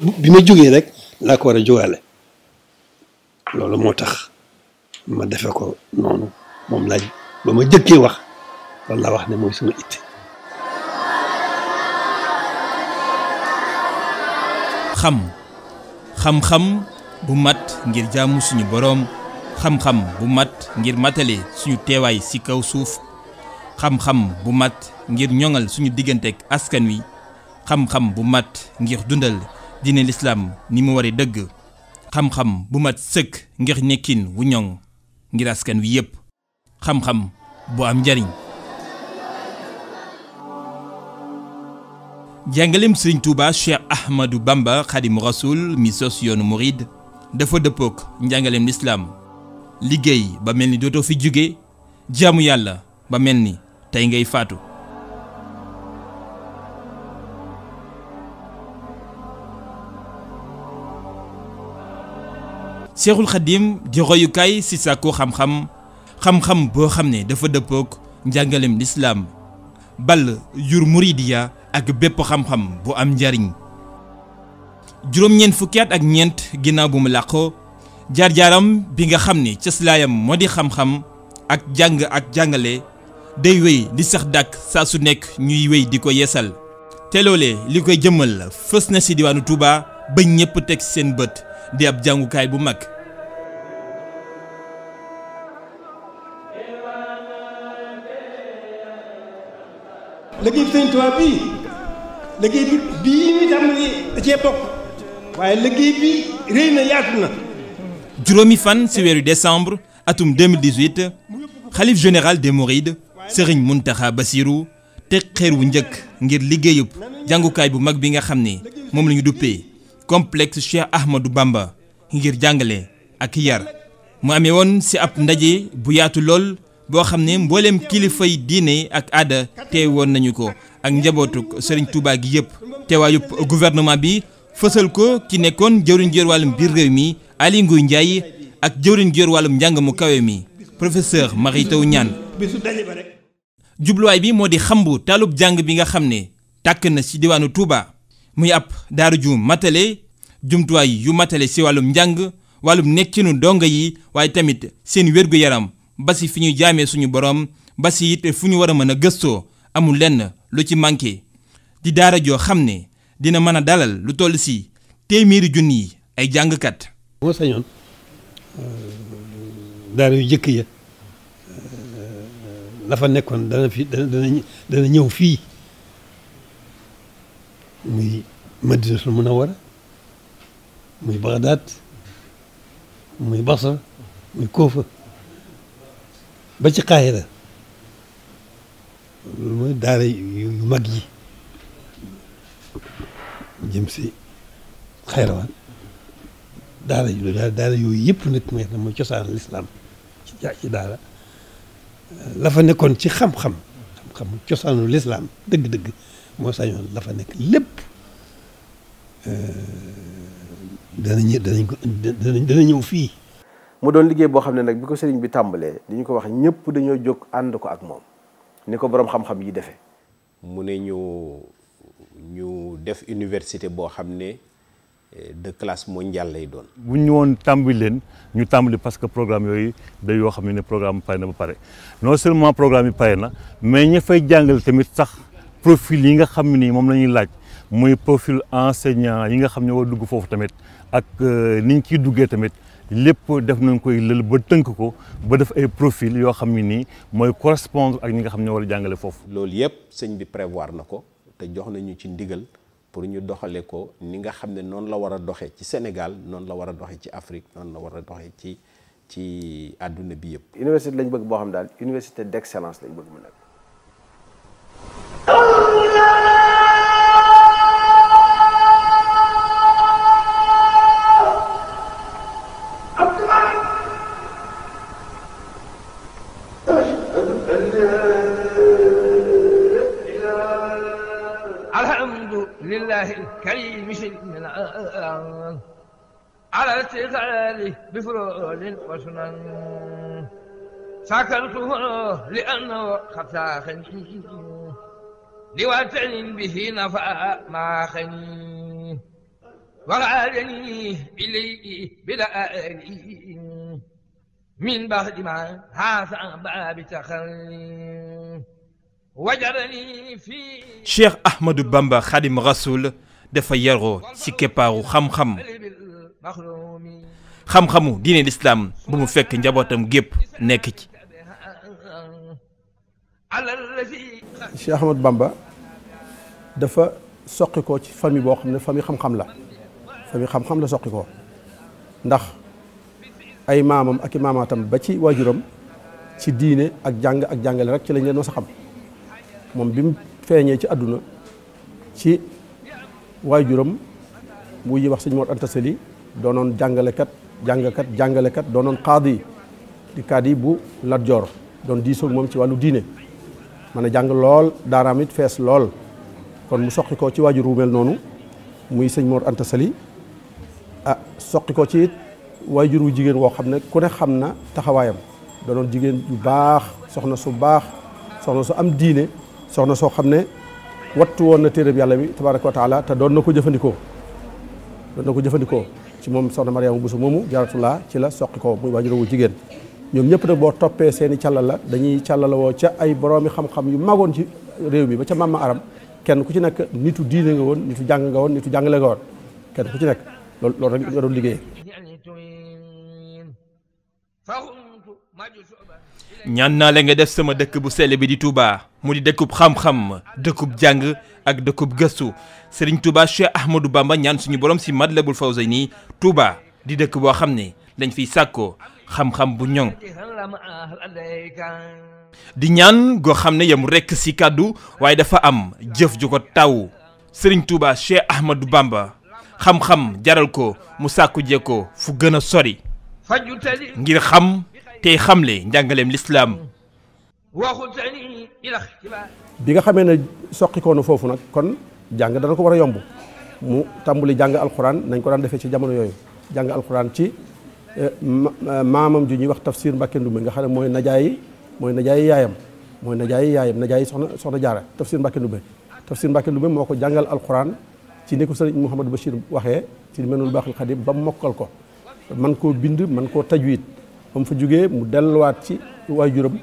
bi ma jógee rek laa ko war a jógaale loolu moo tax ma defe ko noonu moom laaj ba ma jëkkee wax loolu laa wax ne mooy suma itte xam xam-xam bu mat ngir jaamu suñu boroom xam-xam bu mat ngir matale suñu teewaay ci kaw suuf xam-xam bu mat ngir ñoŋal suñu digganteek askan wi xam-xam bu mat ngir dundal diine lislaam ni mu waree dëgg xam-xam bu mat sëkk ngir nekkin wu ñoŋ ngir askan wi yépp xam-xam bu am njariñ jàngaleem sëriñ Touba Cheikh Ahmadou Bamba Xadimu Rasul mi sos yoonu murid dafa dëppook njàngaleem lislaam liggéey ba mel ni dootoo fi jóge jaamu yàlla ba mel ni tey ngay faatu cheikhul khadim di sisaku hamham, hamham xam-xam xam-xam bo xamne dafa deppok njangalem l'islam bal yur muridiya ak bepp xam-xam bu am njariñ jurom ñen fukki at ak ñent ginaaw bu mu laqo jar jaram bi nga xamne ci cëslaayam moo di xam-xam ak jang ak jangale day wey di sax dak sa su nek ñuy wey diko yessal té lolé likoy jëmmal fess na ci diwanu Touba ba ñepp tek seen bëtt di ab jangukaay bu mag liggéey bi sëñ Tuubaa bi bii tam tàmbali da cee bokk waye liggéey bi réy na yaatu na. fan ci wéru décembre atum 2018 xalif général des Mourides Serigne Mountakha Bassirou teg xeer wu njëkk ngir liggéeyub jàngukaay bu mag bi nga xamni mom lañu duppé complexe Cheikh Ahmadou Bamba ngir jàngale ak yar mu amé won ci ab ndaje bu yaatu lol boo xam ne mbooleem kilifay diine ak aada woon nañu ko ak njabootu sëriñ Touba gi te waayu gouvernement bi fësal ko ki nekkoon jëwriñ jor wàllum biir réew mi Aly Ngouille ak jëwriñ jor wàllum njàng mu kawe mi professeur Mary Teuw Niane jubluwaay bi moo di xambu taalub jàng bi nga xam ne tàkk na ci diwaanu Touba muy ab daaru ju matale jumtuwaay yu matale si wàllum njàng wàllum nekkinu dongo yi waaye tamit seen wérgu yaram ba si fi ñu jaamee suñu borom ba si it fu ñu war a mën a gëstoo amul lenn lu ci manqué di daara joo xam ne dina mën a dalal lu toll si téeméeri junni yi ay jàngkat. moo sañoon euh, daara yu jëkk ya euh, la fa nekkoon dana fi dana ñëw fii muy a Munawwara muy Bagdaad muy Basra muy Kufa ba ci xaayira loolu mooy daara yu mag yi jëm si xayrawaan daara yu daara yooyu yëpp nag mooy mooy cosaanu lislaam ci ci daara la fa nekkoon ci xam-xam xam-xam cosaanu lislaam dëgg-dëgg moo sañoon la fa nekk lépp euh, dana ñë danañ ko dana dana ñëw fii mu doon liggéey boo xam ne nag bi ko sëriñ bi tàmbalee li ñu ko wax ñëpp dañoo jóg ànd ko ak moom ni ko boroom xam-xam yi defee. mu ne ñu ñu def université boo xam ne eh, de classe mondiale lay doon. bu ñu woon tàmbali leen ñu tàmbali parce que programme yooyu day yoo xam ne programme pare na ba pare non seulement programme yi pare na mais ñu fay jàngal tamit sax profil yi nga xam ni moom lañuy ñuy laaj. muy profil enseignant yi nga xam ne war dugg foofu tamit ak euh, ni ñu duggee tamit lépp def nañ koy lël ba tënk ko ba def ay profil yoo xam ne nii mooy correspondre ak ñi nga xam ne war a jàngale foofu. loolu yëpp sëñ bi prévoir na ko te jox nañu ci ndigal pour ñu doxale ko ni nga xam ne noonu la war a doxee ci Sénégal noonu la war a doxee ci Afrique noonu la war a doxee ci ci àdduna bi yëpp. université lañ bëgg boo xam daal université d'excellence lañu bëgg mu nekk. الله الكريم شيء على اتخاذه بفرول وسنن سكنته لأنه خطا خني لوتن به نفع ما خني ورعاني إليه بلا من بعد ما هذا باب تخلي cheikh ahmadou bamba xadim rasul dafa yaroo ci keppaaru xam-xam xam diine lislaam bu mu fekk njabootam gépp nekk ci cheikh ahmadou bamba dafa soqi ko ci famille boo xam ne famille xam-xam la famille xam-xam la soqi ko ndax ay maamam ak i maamaatam ba ci waajuram ci diine ak jàng ak jàngale rek ci lañ leen mës xam mom bim mu ci aduna ci wajuram mu yi wax sëñ Mor Anta Sali doonoon jàngalekat jàngkat jàngalekat doonoon qadi di kadi bu ladjor don doon diisoog moom ci walu diine mané jang lol lool fess kon mu soxiko ci waajur wu mel muy Mor Anta ah soxiko ci it waajur wu jigéen woo ku ne xamna taxawayam yu bax soxna su bax soxna su am dine soxna soo xam ne wattu woon na bi yàlla bi tabaraka wa taala te doon na ko jëfandikoo doon na ko jëfandikoo ci moom soxna Mariama Bousso moomu jaratulaa ci la soqi ko muy waajur wu jigéen ñoom ñëpp nag boo toppee seeni càlla la dañuy càlla la woo ca ay boroomi xam-xam yu magoon ci réew bi ba ca mamma arab kenn ku ci nekk nitu diine nga woon nitu jàng nga woon nitu jàngale nga woon kenn ku ci nekk loolu loolu rek nga liggéey ñaan naa la nga def sama dëkk bu sell bi di Touba mu di dëkkub xam-xam dëkkub jàng ak dëkkub gëstu Serigne Touba Cheikh Ahmadou Bamba ñaan suñu borom si Matlabul nii Touba di dëkk boo xam ne dañ fiy sàkkoo xam-xam bu ñoŋ. di ñaan goo xam ne yam rekk si kàddu waaye dafa am jëf ju ko taw Serigne Touba Cheikh Ahmadou Bamba xam-xam jaral ko mu sàkku jee ko fu gën a sori ngir xam. tey xamle njàngaleem lislaam bi nga xamee ne soqi koonu foofu nag kon jàng dana ko war a yomb mu tàmbuli jàng alxuraan nañ ko daan defee ci jamono yooyu jàng alxuraan ci eh, eh, maamam ju ñuy wax tafsir Mbàkke Ndumbe nga xam ne mooy najaay mooy najaay yaayam mooy najaay yaayam najaay soxna soxna jaara tafsir Mbàkke Ndumbe tafsir Mbàkke Ndumbe moo ko jàngal alxuraan ci ni ko sëriñ Mouhamadou Bachir waxee ci menul baaxul xadim ba mokkal ko man koo bind man koo tajwid ba mu fa jugee mu delluwaat ci waajuram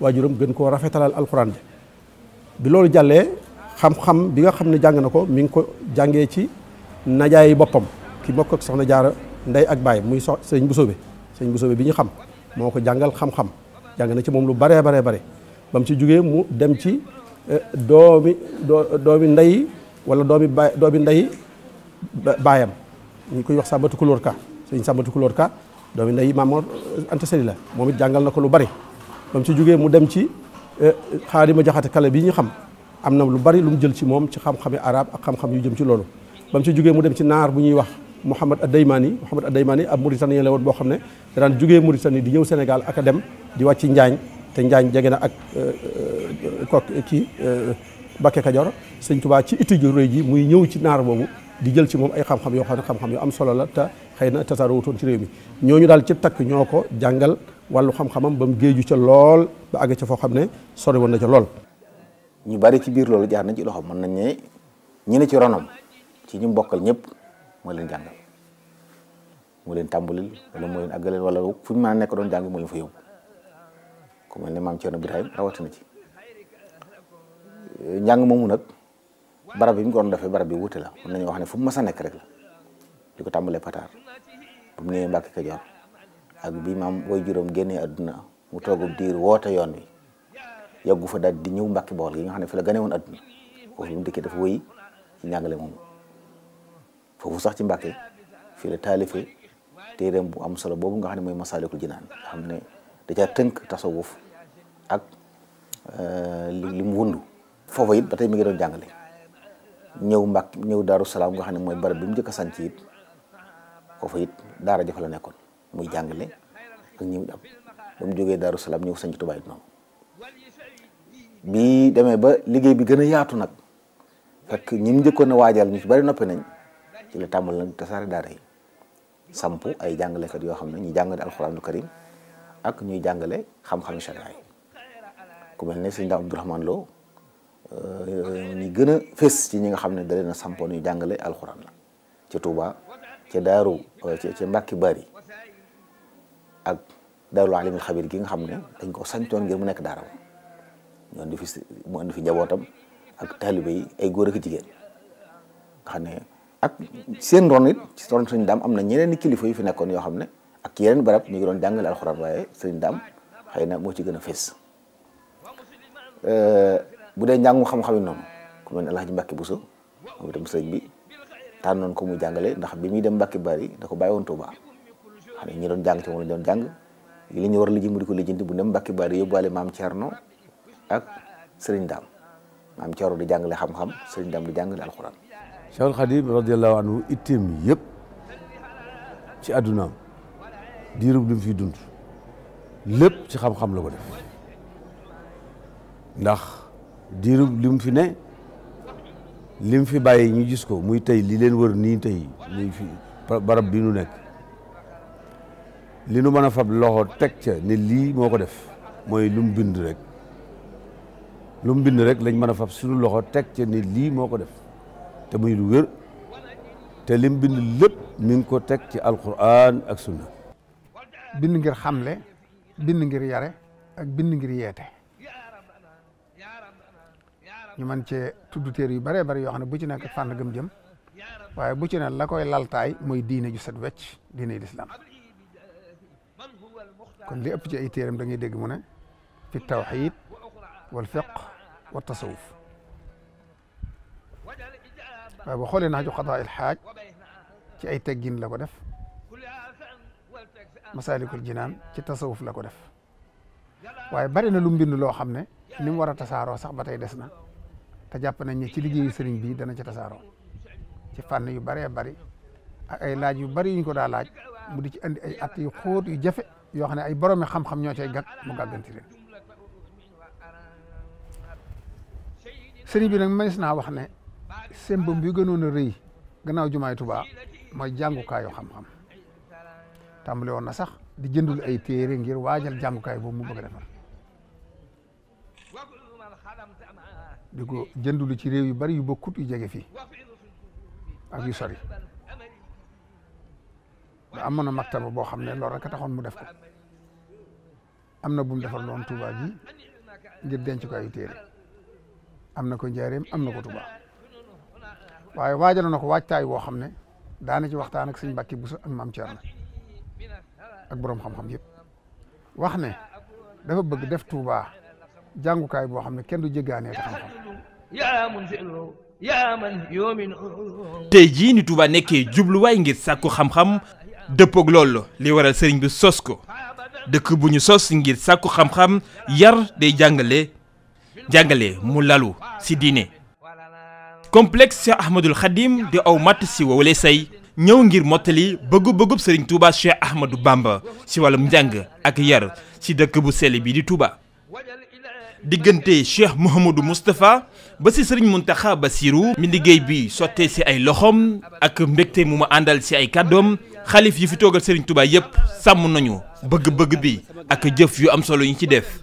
waajuram gën koo rafetalal alxuraan bi bi loolu jàllee xam-xam bi nga xam ne jàng na ko mi ngi ko jàngee ci najaayi boppam ki bokk ak soxna jaara ndey ak baay muy sox sëñ Busoobe sëñ Busoobe bi ñu xam moo ko jàngal xam-xam jàng na ci moom lu baree baree bare ba mu ci jugee mu dem ci eh, doomi doomi ndey wala doomi baay doomi ndey baayam ñu koy wax sàmbatu kulóor ka sëñ sàmbatu kulóor ka doomi nday Maamor euh, Anta Sali la moom it jàngal na ko lu bari ba mu ci jógee mu dem ci euh, Xaadima Jaxate Kala bii ñu xam am na lu bari lu jël ci moom ci xam yi arab ak xam-xam yu jëm ci loolu ba mu ci jógee mu dem ci naar bu ñuy wax Mouhamad Addaymani Mouhamad am ab Mauritanien la woon boo xam ne daan jógee Mauritanie di ñëw Sénégal ak dem di wàcc Njaañ te Njaañ jege na ak euh, kok kii Bakke Kajoor sëñ Tuubaa ci itti ju rëy muy ñëw ci naar boobu di jël ci moom ay xam yoo xam ne xam yu am solo la xeyna na tasaaroo ci rewmi ñoñu dal ci tak ñoko jangal walu xam-xamam ba mu ci lool ba àgg ci fo xamne ne sori won na ci lool. ñu bari ci bir loolu jaar na ci loxo mën nañ ne ñi ne ci ronom ci ñu mbokal ñëpp mo leen jangal mo leen tambulil wala mo leen àggaleel wala fu ma mën nekk doon jang mo leen fa yow ku mel ne maam ibrahim rawat na ci eh, njàng moomu nak barab bi mu doon barab bi wuté la mën nañ wax ne fu ma sa nekk rek la di tambalé patar am ngeen mbacke mbakke ak bi mam boy juróom gene aduna mu togu dir wota yoon wi yagu fa dal di ñew mbacke bol gi nga xamne fa la gane won aduna ko bi mu dafa woy ñangale mom moomu foofu sax ci mbacke fi la talife téeréem bu am solo bobu nga xamne moy masalikul jinan xamne da ca teunk tasawuf ak euh, li mu wundu foofa yit batay mi ngi doon jangale ñew mbak ñew daaru nga xamne moy barab bi mu foofu it daara jafa la nekkoon muy jàngale ak ñi mu jàpp ba jógee Daaru Salaam ñëw sañ ci Tuubaa it demee ba liggéey bi gën a yaatu nag fekk ñi mu njëkkoon a waajal ñu ci bari noppi nañ ci la tàmbal nag tasaare daara ay jàngalekat yoo xam ne ñuy jàngale alxuraanul karim ak ñuy jàngale xam-xam sharia yi ku mel euh, gën a fés ci ñi nga xam ne da leen a sampoon jàngale alxuraan la ci Tuubaa ca daaru euh, ca Mbàkke Bari ak daarul alimul xabir ki nga xam ne dañ ko sañtoon ngir mu nekk daara ñu andi fi mu ak taalibe yi ay góor ak jigéen nga xam seen ron it ci ron sëñ am na ñeneen kilifa yu fi nekkoon yoo xam ne ak yeneen barab ñu ngi doon jàngale alxuraan waaye sëñ daam xëy na moo ci gën a fees euh, bu dee njàngu xam-xam yi noonu ku mel ne bi tànnoon ko mu jàngale ndax bi muy dem Mbàkke Bari da ko bàyyi woon Touba xam ne ñi doon jàng ci moom lañ doon jàng li ñu war a mu di bu dem Mbàkke Bari yóbbaale maam Thierno ak Serigne Dame maam Thierno di jàngale xam-xam Serigne Dame di jàngale alxuraan. Cheikhul Khadim radiyallahu anhu itteem yëpp ci àddunaam diirub li mu fiy dund lépp ci xam-xam la ko def ndax diirub li fi ne. lim mu fi bàyyi ñu gis ko muy tey li leen wër nii tey fi barab bi nu nekk li nu mën a fab loxo teg ca ne lii moo ko def mooy lu mu bind rek lu mu bind rek lañ mën a fab suñu loxo teg ca ne lii moo ko def te muy lu wér te lim bind lépp mi ngi ko teg ci alquran ak sunna bind ngir xamle bind ngir yare ak bind ngir yeete ñu man cee tudd téere yu bëree bëri yoo xam ne bu ci nekk fànn gëm jëm waaye bu ci ne la koy laltaay muy diine ju set wecc diine lislaam kon li ëpp ci ay téeram da ngay dégg mu ne fi tawxid wal fiq wa tasawuf waaye boo xoolee naxju xataa il xaaj ci ay teggin la ko def masalikul jinaan ci tasawuf la ko def waaye bari na lu mbind loo xam ne ni mu war a tasaaroo sax ba tey des na te jàpp nañ ne ci liggéeyu sëriñ bi dana ci tasaaroo ci fànn yu bëree bari ak ay laaj yu bari yu ñu ko daa laaj mu di ci andi ay at yu xóot yu jafe yoo xam ne ay boromi xam-xam ñoo cay gag mu gàgganti leen sëriñ bi nag mënees naa wax ne sembam bi gënoon a rëy gannaaw jumaay Tuubaa mooy jàngukaayu xam-xam tàmbale woon na sax di jëndul ay téere ngir waajal jàngukaay boobu mu bëgg a di ko jëndulu ci réew yu bari yu bokkut yu jege fii ak yu sori da amoon na maktaba boo xam ne loolu rekk a mu def ko am na bu mu defar loon Touba gi ngir denc ko ay téere am na ko njaareem am na ko Touba waaye waajal na ko waajtaay woo xam ne daana ci waxtaan ak sëñ Mbàkke Buso ak maam Cerno ak boroom xam-xam yëpp wax ne dafa bëgg def Touba jàngukaay boo xam ne kenn du jéggaanee tey jii ni Touba nekkee jubluwaay ngir sàkku xam-xam dëppoog loolu li waral sëriñ bi sos ko dëkk bu ñu sos ngir sàkku xam-xam yar day jàngale jàngale mu lalu si diine complexe Cheikh Ahmadul Khadim di aw matt si wowale say ñëw ngir mottali bëggu-bëggub sëriñ Touba Cheikh Ahmadou Bamba si wàllum njàng ak yar ci dëkk bu sell bi di Touba diggante Cheikh Mouhamadou Moustapha ba si sëriñ Mountakha basiiru mi liggéey bi sottee si ay loxoom ak mbégte mu ma àndal si ay kàddoom xalif yi fi toogal sëriñ Touba yépp sàmm nañu bëgg-bëgg bi ak jëf yu am solo yi ci def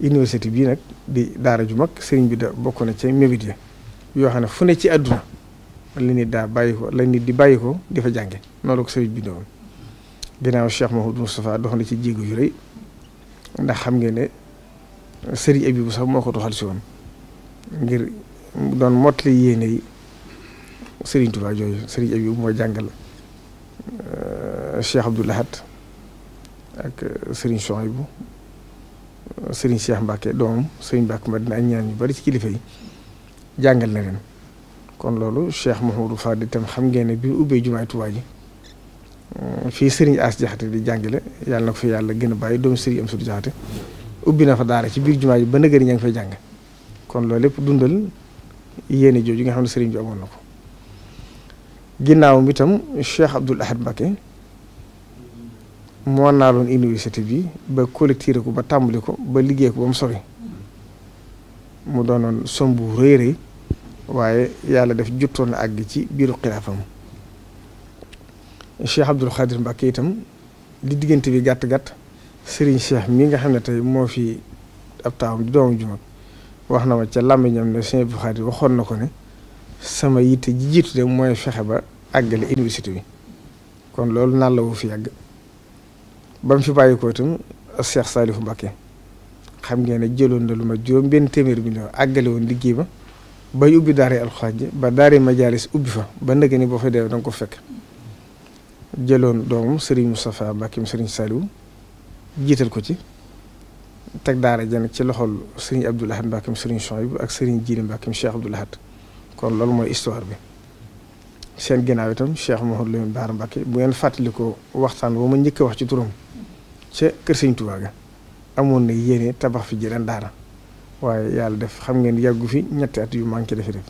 université bii nag di daara ju mag sëriñ bi da bokk na ci mébit ya yoo xam ne fu ne ci àdduna la nit daa bàyyi ko la nit di bàyyi ko di fa jànge noonu la ko sëriñ bi Cheikh Mahoudou Moustapha dox jéego yu ndax xam ngeen ne sëriñ Abibu sax moo woon ngir doon mottali yéene yi sëriñ Tuubaa jooju sëriñ Abibu moo jàngal euh, Cheikh Abdou Lahad ak sëriñ Souhaïbou sëriñ Cheikh Mbacke doomam sëriñ Mbacke Madina ak ñaan yu bari ci kilifa yi jàngal na leen kon loolu Cheikh Mouhamadou Fadi tam xam ngeen ne bi ubbee jumaay Tuubaa ji euh, fii Serigne As Jaxate di jàngale yàlla na ko fi yàlla gën a bàyyi doomu am Amsatu Jaxate ubbi na fa daara ci biir jumaa ji ba nëgëri ña ngi fay jàng kon loolu lépp dundal yéene jooju nga xam ne Serigne bi na ko ginnaawam itam Cheikh Abdoul Ahad Mbacké moo naaloon université bi ba collecté ko ba tàmbali ko ba liggéey ko ba mu sori mu doonoon sombu rëy rëy waaye yàlla def juttoon na àgg ci biiru xilaafam Cheikh Abdoul Khadir Mbacke itam li diggante bi gàtt gàtt Serigne Cheikh mii nga xam ne tey moo fi ab taawam di doomu wax na ma ca làmmiñam ne Cheikh Abdoul Khadir waxoon na ko ne sama yitte ji jiitu de mooy fexe ba àggale université bi kon loolu naan la fi yàgg ba mu fi bàyyi ko itam Cheikh Salif Mbacke xam ngeen ne jëloon na lu ma juróom benn téeméer bi ñu àggale woon liggéey ba. ba ubbi daara alxuraan ji ba daara majaalis ubbi fa ba ndege ni boo fa dee da nga ko fekk jëloon doomu Serigne Moustapha Mbacké Serigne Saliou jiital ko ci teg daara jan ci loxol Serigne Abdou Lahad Mbacké Serigne Chouaïb ak sëriñ Djili Mbacké Cheikh Abdou Lahad kon lool mooy histoire bi seen ginnaaw itam Cheikh Mouhamadou Lamine Bara Mbacké bu ngeen fàttalikoo waxtaan ba ma njëkk wax ci turam ca kër Serigne Touba ga amoon na yéene tabax fi jëleen daara waaye yàlla def xam ngeen yàggu fi ñetti at yu manqué defi def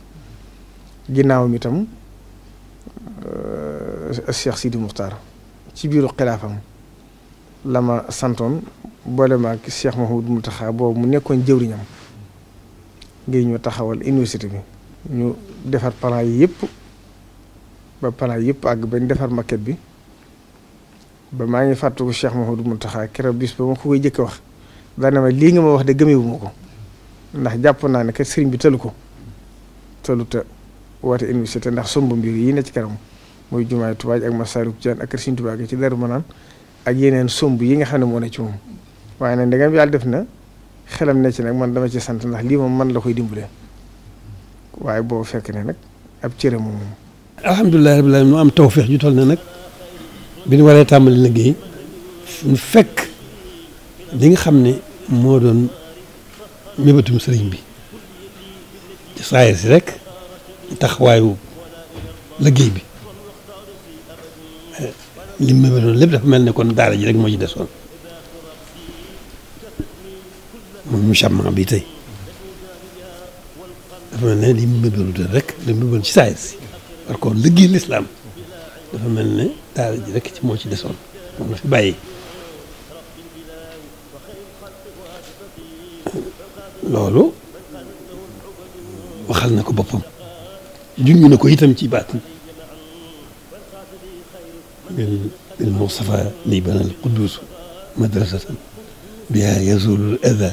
ginnaaw mi tam euh, Cheikh Sidi Muxtaar ci biiru xilaafam la ma santoon boole ma ak Cheikh Mahmoud Mountakha boobu mu nekkoon jëwriñam ngir ñu taxawal université bi ñu defar plan yi yëpp ba plan yëpp àgg bañ defar maquette bi ba maa ngi fàttaliku Cheikh Mahmoud Mountakha keroog bis ba ma ko koy jëkk wax daanaka lii nga ma wax de gëmewu ko ndax jàpp naa ne que sëriñ bi tëlu ko tëlu te woote université ndax somb mbir yi ne ci kanam muy jumaay Tuubaa ak Masaalikul Jinaan ak kër Sëriñ Tuubaa gi ci Daaru Manaan ak yeneen somb yi nga xam ne moo ne ci moom waaye nag ndegam yàlla def na xelam ne ci nag man dama ci sant ndax lii moom man la koy dimbale boo fekk ne nag ab cëre moom moom. alhamdulilah rabbil aalamiin nu am tawféex ju toll ne ñu waree tàmbali liggéey ñu fekk nga xam ne moo doon. mébétum sëriñ bi ci saayir si rek taxawaayu liggéey bi li mu mébétoon lépp dafa mel ne kon daara ji rek moo ci desoon moom mu changement bi tey dafa mel ne li mu mébétoon rek li mu mébétoon ci saayir si parce que liggéey lislaam dafa mel ne daara ji rek ci moo ci desoon moom la fi bàyyi. lolu waxal nako bopam jinnu nako itam ci baat lil Mustafa li bana al qudus madrasatan biha yazul al adha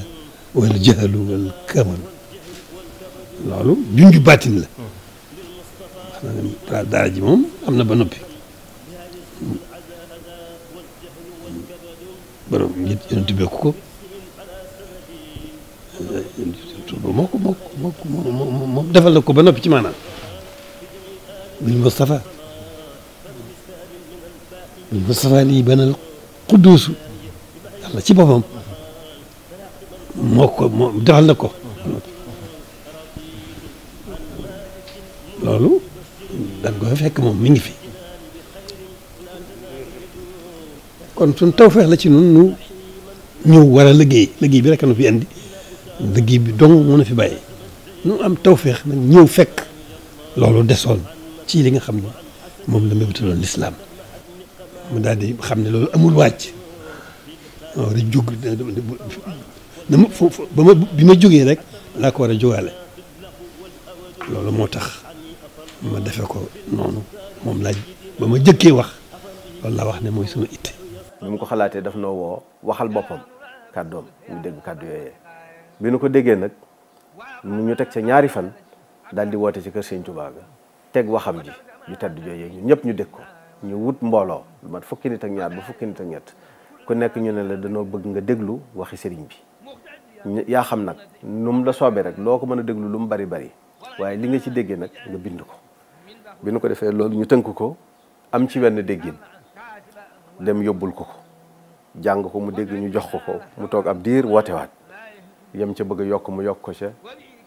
wal jahl wal kamal lolu jinnu batin la wax na daara ji moom am ba noppi borom yonent bi ko Touba moo ko moo ko moo defal la ko ba noppi ci maanaam buñ Moustapha buñ Moustapha lii banal xudduusu yàlla ci boppam moo ko moo defal na ko loolu dañ koy fekk moom mi ngi fi kon suñ tawfeex la ci nun nu ñëw war a liggéey liggéey bi rek nu fi andi liggéey bi dong mën a fi bàyyi nu am tawféex nag ñëw fekk loolu desoon ci li nga xam ne moom la mébétaloon lislaam mu daldi xam ne loolu amul wàcc ma war a jug na bi ma jógee rek laa ko war a jógaale loolu moo tax ma defe ko noonu moom laaj ba ma jëkkee wax loolu laa wax ne mooy sama itte bi mu ko xalaatee daf noo woo waxal boppam kàddoom ñu dégg kàddu yooyee bi nu ko déggee nag ñu teg ca ñaari fan daal di woote ci kër Sëñ Tuubaa ga teg waxam ji ñu tedd jooyee ñun ñëpp ñu dégg ko ñu wut mbooloo lu fukki nit ak ñaar ba fukki ñett ku nekk ñu ne la danoo bëgg nga déglu waxi sëriñ bi yaa xam nag nu la soobee rek loo ko mën a déglu lu mu bari bari waaye li ci déggee nag bind ko bi nu ko defee loolu ñu tënk ko am ci wenn déggin dem yóbbul ko jàng ko mu dégg ñu jox ko ko mu toog ab diir wootewaat yam ca bëgg yokk mu yokk ko ca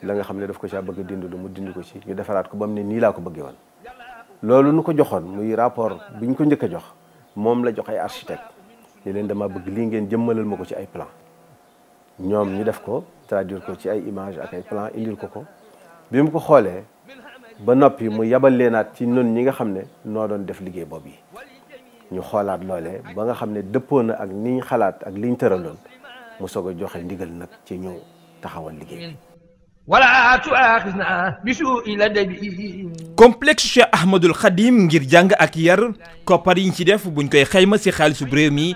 la nga xam ne daf ko caa bëgg a dindi mu dindi ko ci ñu defaraat ko ba mu ne nii laa ko bëggee woon loolu nu ko joxoon muy rapport bu ñu ko njëkk a jox moom la jox ay architecte ne leen dama bëgg lii ngeen jëmmalal ma ko ci ay plan ñoom ñu def ko traduire ko ci ay image ak ay plan indil ko ko bi mu ko xoolee ba noppi mu yabal leenaat ci noonu ñi nga xam ne noo doon def liggéey boobu yi ñu xoolaat loole ba nga xam ne dëppoo na ak niñ xalaat ak liñ tëraloon mu soog joxe ndigal nag ci ñëw taxawal liggéey wala tuaaxisna bi Ahmadul Khadim ngir jàng ak yar koppar yiñ ci def buñ koy xayma si xaalisu réew mi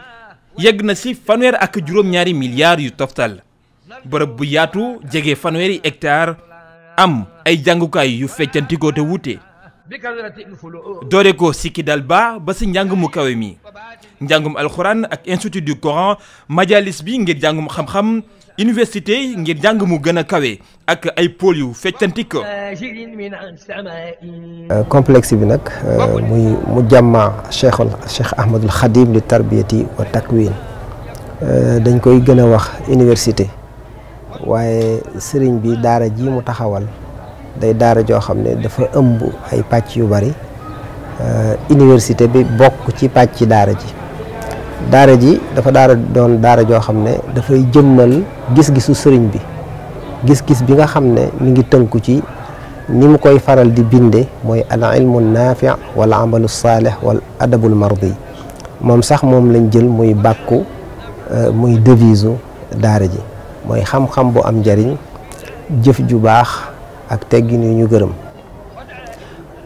yegg na si fanweer ak juróom-ñaari milliards yu toftal bërëb bu yaatu jege fanweeri hectare am ay jàngukaay yu feccantikoo te wuute doore ko si Kidal ba ba si njàng mu kawe mi njàngum alxuraan ak institut du Coran majalis bi ngir njàngum xam-xam université ngir njàng mu gën a kawe ak ay pôle yu feccantik euh, complexe bi nag euh, muy mu jàmma cheikhul cheikh ahmadul xadim li tarbiyati wa takwin euh, dañ koy gën wax université waaye sëriñ bi daara ji mu taxawal day daara joo xam ne dafa ëmb ay pàcc yu bari Euh, université bi bokk ci pàcc daara ji daara ji dafa daara doon daara joo xam ne dafay jëmmal gis-gisu sëriñ bi gis-gis bi nga xam ne mu ngi tënku ci ni mu koy faral di binde mooy al ilmu naafi wal amalu saalih wal moom sax moom lañ jël muy bàkku euh, muy devise daara ji mooy xam-xam bu am njariñ jëf ju baax ak teggin yu ñu gërëm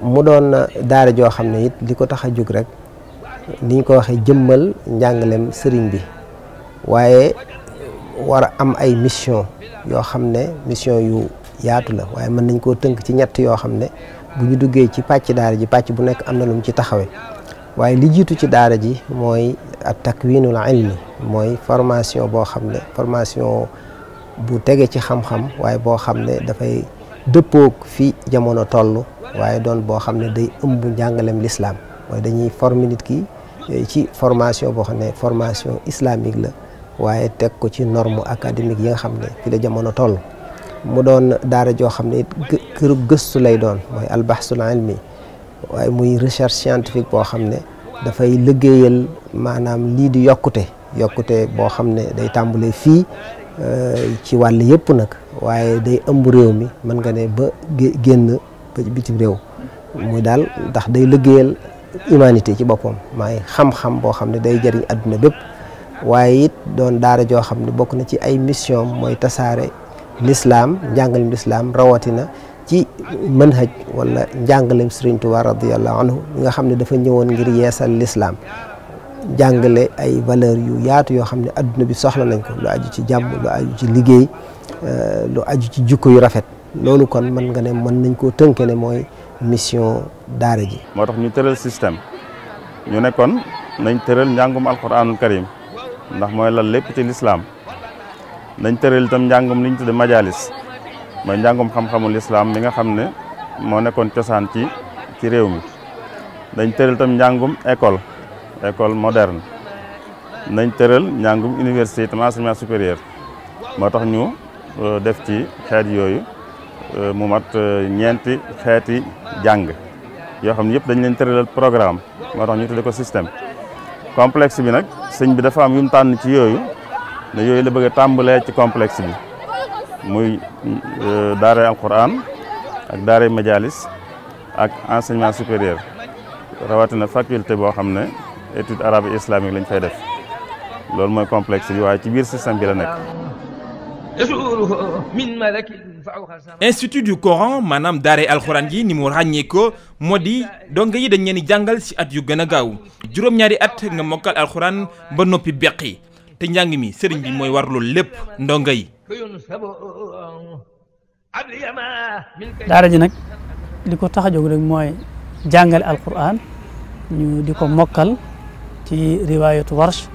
mu doon daara joo xam ne it li ko tax a jóg rek niñ ko waxee jëmmal njàngalem sëriñ bi waaye war a am ay mission yoo xam ne mission yu yaatu la waaye mën nañ koo tënk ci ñett yoo xam ne bu ñu duggee ci pàcc daara ji pàcc bu nekk am na lum ci taxawee waaye li jiitu ci daara ji mooy at takwinul ilmi mooy formation boo xam ne formation bu tege ci xam-xam waaye boo xam ne dafay dëppook fi jamono toll waaye doon boo xam ne day ëmb njàngaleem lislaam mooy dañuy former nit ki eh, ci formation boo xam ne formation islamique la waaye teg ko ci norme académique yi nga xam ne fi la jamono toll mu doon daara joo xam ne kër gëstu lay doon mooy albaxsul ilmi waaye muy recherche scientifique boo xam ne dafay liggéeyal maanaam lii di yokkute yokkute boo xam ne day tàmbalee fii eh, ci wàll yëpp nag waaye day ëmb réew mi mën nga ne ba génn ba ci bitim réew muy daal ndax day liggéeyal humanité ci boppam maay xam-xam boo xam ne day jëriñ adduna bépp waaye it doon daara joo xam ne bokk na ci ay mission mooy tasaare lislaam njàngalem lislaam rawatina ci manhaj wala njàngalem Sëriñ Tuubaa radiyallahu anhu nga xam ne dafa ñëwoon ngir yeesal lislaam jàngale ay valeur yu yaatu yoo xam ne adduna bi soxla nañ ko lu aju ci jàmm lu aju ci liggéey euh, lu aju ci jikko yu rafet loolu kon mën nga mën nañ koo tënke ne mooy mission daara ji moo tax ñu tëral système ñu nekkoon kon nañ tëral njàngum alquranul karim ndax mooy lan lépp ci lislaam nañ tëral itam njàngum li ñu tudde majalis mooy njàngum xam-xamul lislaam mi nga xam ne moo nekkoon cosaan ci ci réew mi dañ tëral tam njàngum école école moderne nañ tëral njàngum université itam enseignement supérieur moo tax ñu euh, def ci xeet yooyu Euh, mu mat euh, ñeenti xeeti jàng yoo xam ne yëpp dañ leen tëralal programme moo tax ñu tudde ko système complexe bi nag sëñ bi dafa am yu mu tànn ci yooyu ne yooyu la bëgg a ci complexe bi muy euh, daaray alquran ak daaray majalis ak enseignement supérieur rawatina faculté boo xam ne étude arabe islamique lañ fay def loolu mooy complex bi waaye ci biir système bi la nekk institut du coran manam Dare Al gi ni mo ragne ko modi di donga yi dañ leen ci at yu gëna gaaw juróom-ñaari at nga mokkal alxuraan ba nopi beqi te njàng mi serigne bi moy war loolu lépp ndonga yi dara ji nak li taxajog rek ñu di mokal ci riwayat warsh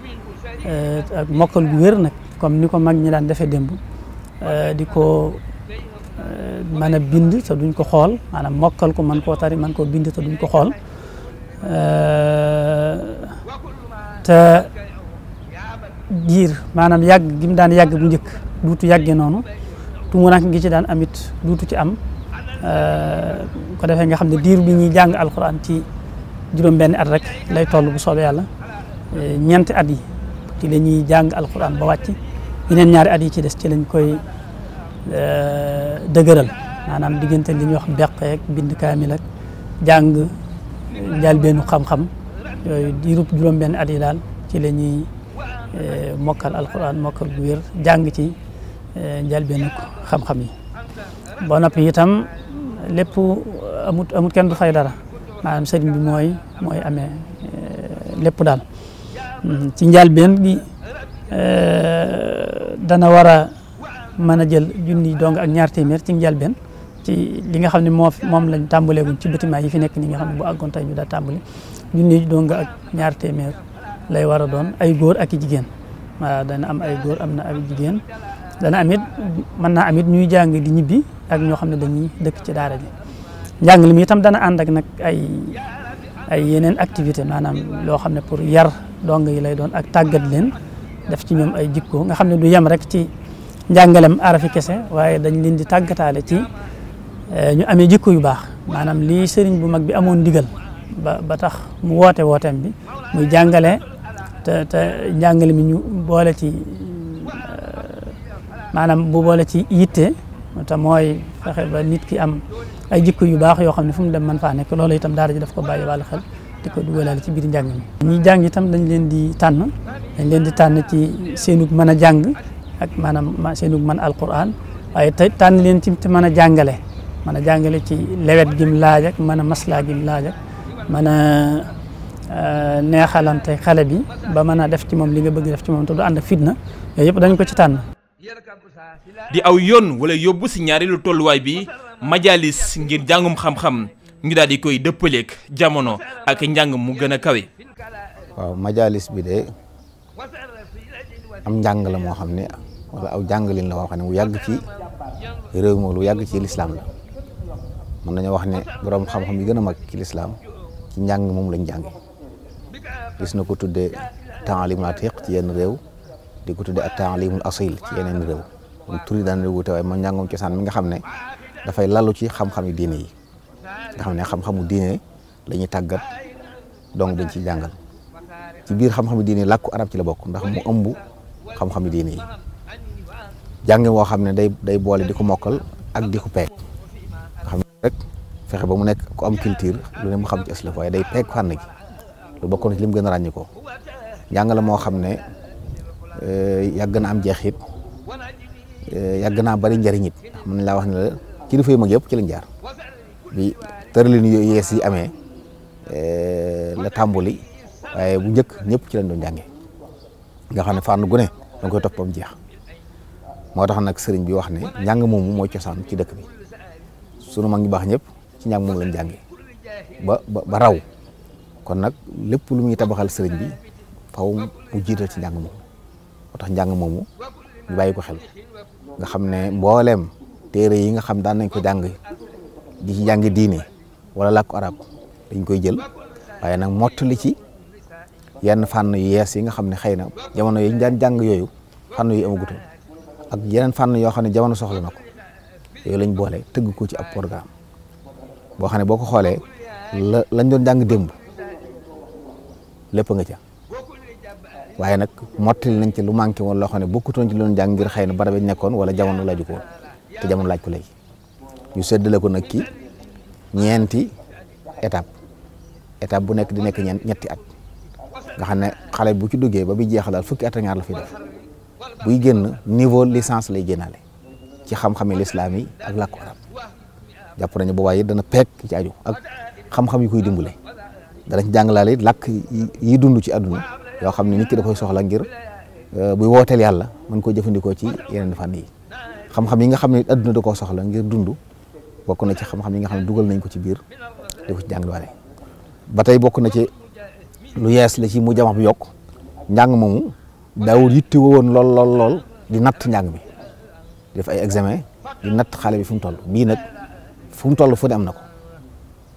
eh, ak mokal bu wër nak comme ni mag ñi daan defé dembu eh, di ko Euh, mana a bind te duñ ko xol manam mokkal ko man ko tari man ko bind ta duñ ko xool euh, ta dir manam yag gi mu daan yag bu yagge nonu tu mu nak gi ci daan amit dutu ci am euh, ko defé nga xam dir bi ñi jang alquran ci juroom ben at rek lay tollu bu soobee yalla ñent at yi ci lañuy jang alquran ba wacc ñeneen ñaari at yi ci dess ci lañ koy Euh, dëgëral maanaam diggante li ñuy wax beqeeg bind kaamil ak jàng njëlbeenu xam-xam yooyu diirub juróom-benn at daal ci la ñuy euh, mokkal alquran mokkal bu wér jàng ci euh, njëlbeenu xam-xam yi ba noppi itam lépp amut amut kenn du fay dara maanaam sëriñ mooy mooy amee lépp daal hmm, ci njëlbeen dana war mën a jël junni dong ak ñaar téeméer ci njalbeen ci li nga xam ne moo moom lañ tàmbaleeguñ ci bâtiment yi fi nekk ni nga xam ne bu àggoon tey ñu daa tàmbali junni dong ak ñaar téeméer lay war a doon ay góor ak jigéen waaw dana am ay góor am na ay jigéen dana am it mën naa am it ñuy jàng di ñibbi ak ñoo xam ne dañuy dëkk ci daara ji njàng li mi itam dana ànd ak nag ay ay yeneen activité maanaam loo xam ne pour yar dong yi lay doon ak tàggat leen def ci ñoom ay jikko nga xam ne du yem rek ci njàngalem arafi kese waaye dañ leen di tàggataale ci eh, ñu amee jikko yu baax maanaam lii sëriñ bu mag bi amoon ndigal ba ba tax mu woote wootem bi muy jàngale te te mi ñu boole ci eh, maanaam bu boole ci yitte te mooy fexe ba nit ki am ay jikko yu baax yoo xam ne fu mu dem man nekk loolu itam daara ji daf ko bàyyi wàllu xel ti ko dugalaale ci biir njàng mi itam dañ leen di tànn dañ leen di tànn ci seenug mën a jàng ak maanaam seenu mën alquran waaye te tànn leen ci mën a jàngale man a jàngale ci lewet gim laaj ak mën a maslaa gim laaj ak mën a euh, te xale bi ba mën a def ci moom li nga bëgg def ci moom te du ànd ak fitna yooyu yëpp dañ ko ci tànn. di aw yoon wala yóbbu si ñaareelu tolluwaay bi majalis ngir jàngum xam-xam ñu daal di koy dëppaleeg jamono ak njàng mu gën a kawe. waaw bi de am njàng la moo xam ne wala aw jàngalin la woo xam ne mu yàgg ci réew mi yàgg ci lislaam la mën nañoo wax ne borom xam-xam yi gën a mag ci lislaam ci njàng moom lañ jàng gis na ko tuddee taalimul atiq ci yenn réew di ko tuddee ak taalimul asil ci yeneen réew yi daan réew wute waaye man njàngum cosaan mi nga xam ne dafay lallu ci xam-xam yi yi nga xam ne xam-xamu diine la ñuy tàggat donc dañ ci jàngal ci biir xam-xamu diine làkku arab ci la bokk ndax mu ëmb xam-xamu diine yi jàngi woo xam ne day day boole di ko mokkal ak di ko peeg nga fexe ba mu nekk ku am culture lu ne mu xam ci islaf waaye day peeg fànn gi lu bokkoon ci li gën a ràññi ko njàng la moo xam ne e, yàgg na am jeexit e, yàgg naa bari njariñ it laa wax ne kilifa yu mag yëpp ci lañ jaar tërlin tëralin yu yees yi amee e, la tàmbali waaye bu njëkk ñëpp ci lañ doon jànge nga xam ne fànn gu ne da nga koy toppam jeex moo tax nag sëriñ bi wax ne njàng moomu mooy cosaan ci dëkk bi sunu ma ñu baax ñëpp ci njàng moom lañ jànge ba raw kon nag lépp lu ñu tabaxal sëriñ bi faw mu jiital ci njàng moomu moo tax njàng moomu ñu bàyyi ko xel nga xam ne mbooleem téere yi nga xam daan nañ ko jàng di ci jàng diine wala làkku arab dañ koy jël waaye nag mott li ci yenn fànn yu yees yi nga xam ne xëy na jamono yi ñu daan jàng yooyu fànn yu amagutoon ak yeneen fànn yoo xam ne jamono soxla na ko yooyu lañ boole tëgg ko ci ab programme boo xam ne boo ko xoolee la lañ doon jàng démb lépp nga ca waaye nag mottali nañ ci lu manqué woon loo xam ne bokkutoon ci loon jàng ngir xëy na barab yi nekkoon wala jamono laaju ko woon te jamono laaj ko léegi ñu séddale ko nag ki ñeenti étape étape bu nekk di nekk ñetti at nga xam ne xale bu ci duggee ba bi jeexalal fukki at ak ñaar la fiy def buy génn niveau licence lay génnaale ci xam-xami lislaam yi ak làkku arab jàpp nañu boobaa it dana peek ci aju ak xam-xam yi koy dimbale danañ jàngalaale it làkk yi dund ci àdduna yoo xam ne nit ki da koy soxla ngir euh, buy wooteel yàlla mën koo jëfandikoo ci yeneen fànn yi xam-xam yi nga xam ne àdduna da koo soxla ngir dund bokk na ci xam-xam yi nga xam ne dugal nañ ko ci biir di ko ci jàngalaale ba tey bokk na ci lu yees la ci mu jamax yokk daawul yitte woon lool lool lool di natt njàng mi def ay examen di natt xale bi fu mu toll bii nag fu mu toll fu ne am na ko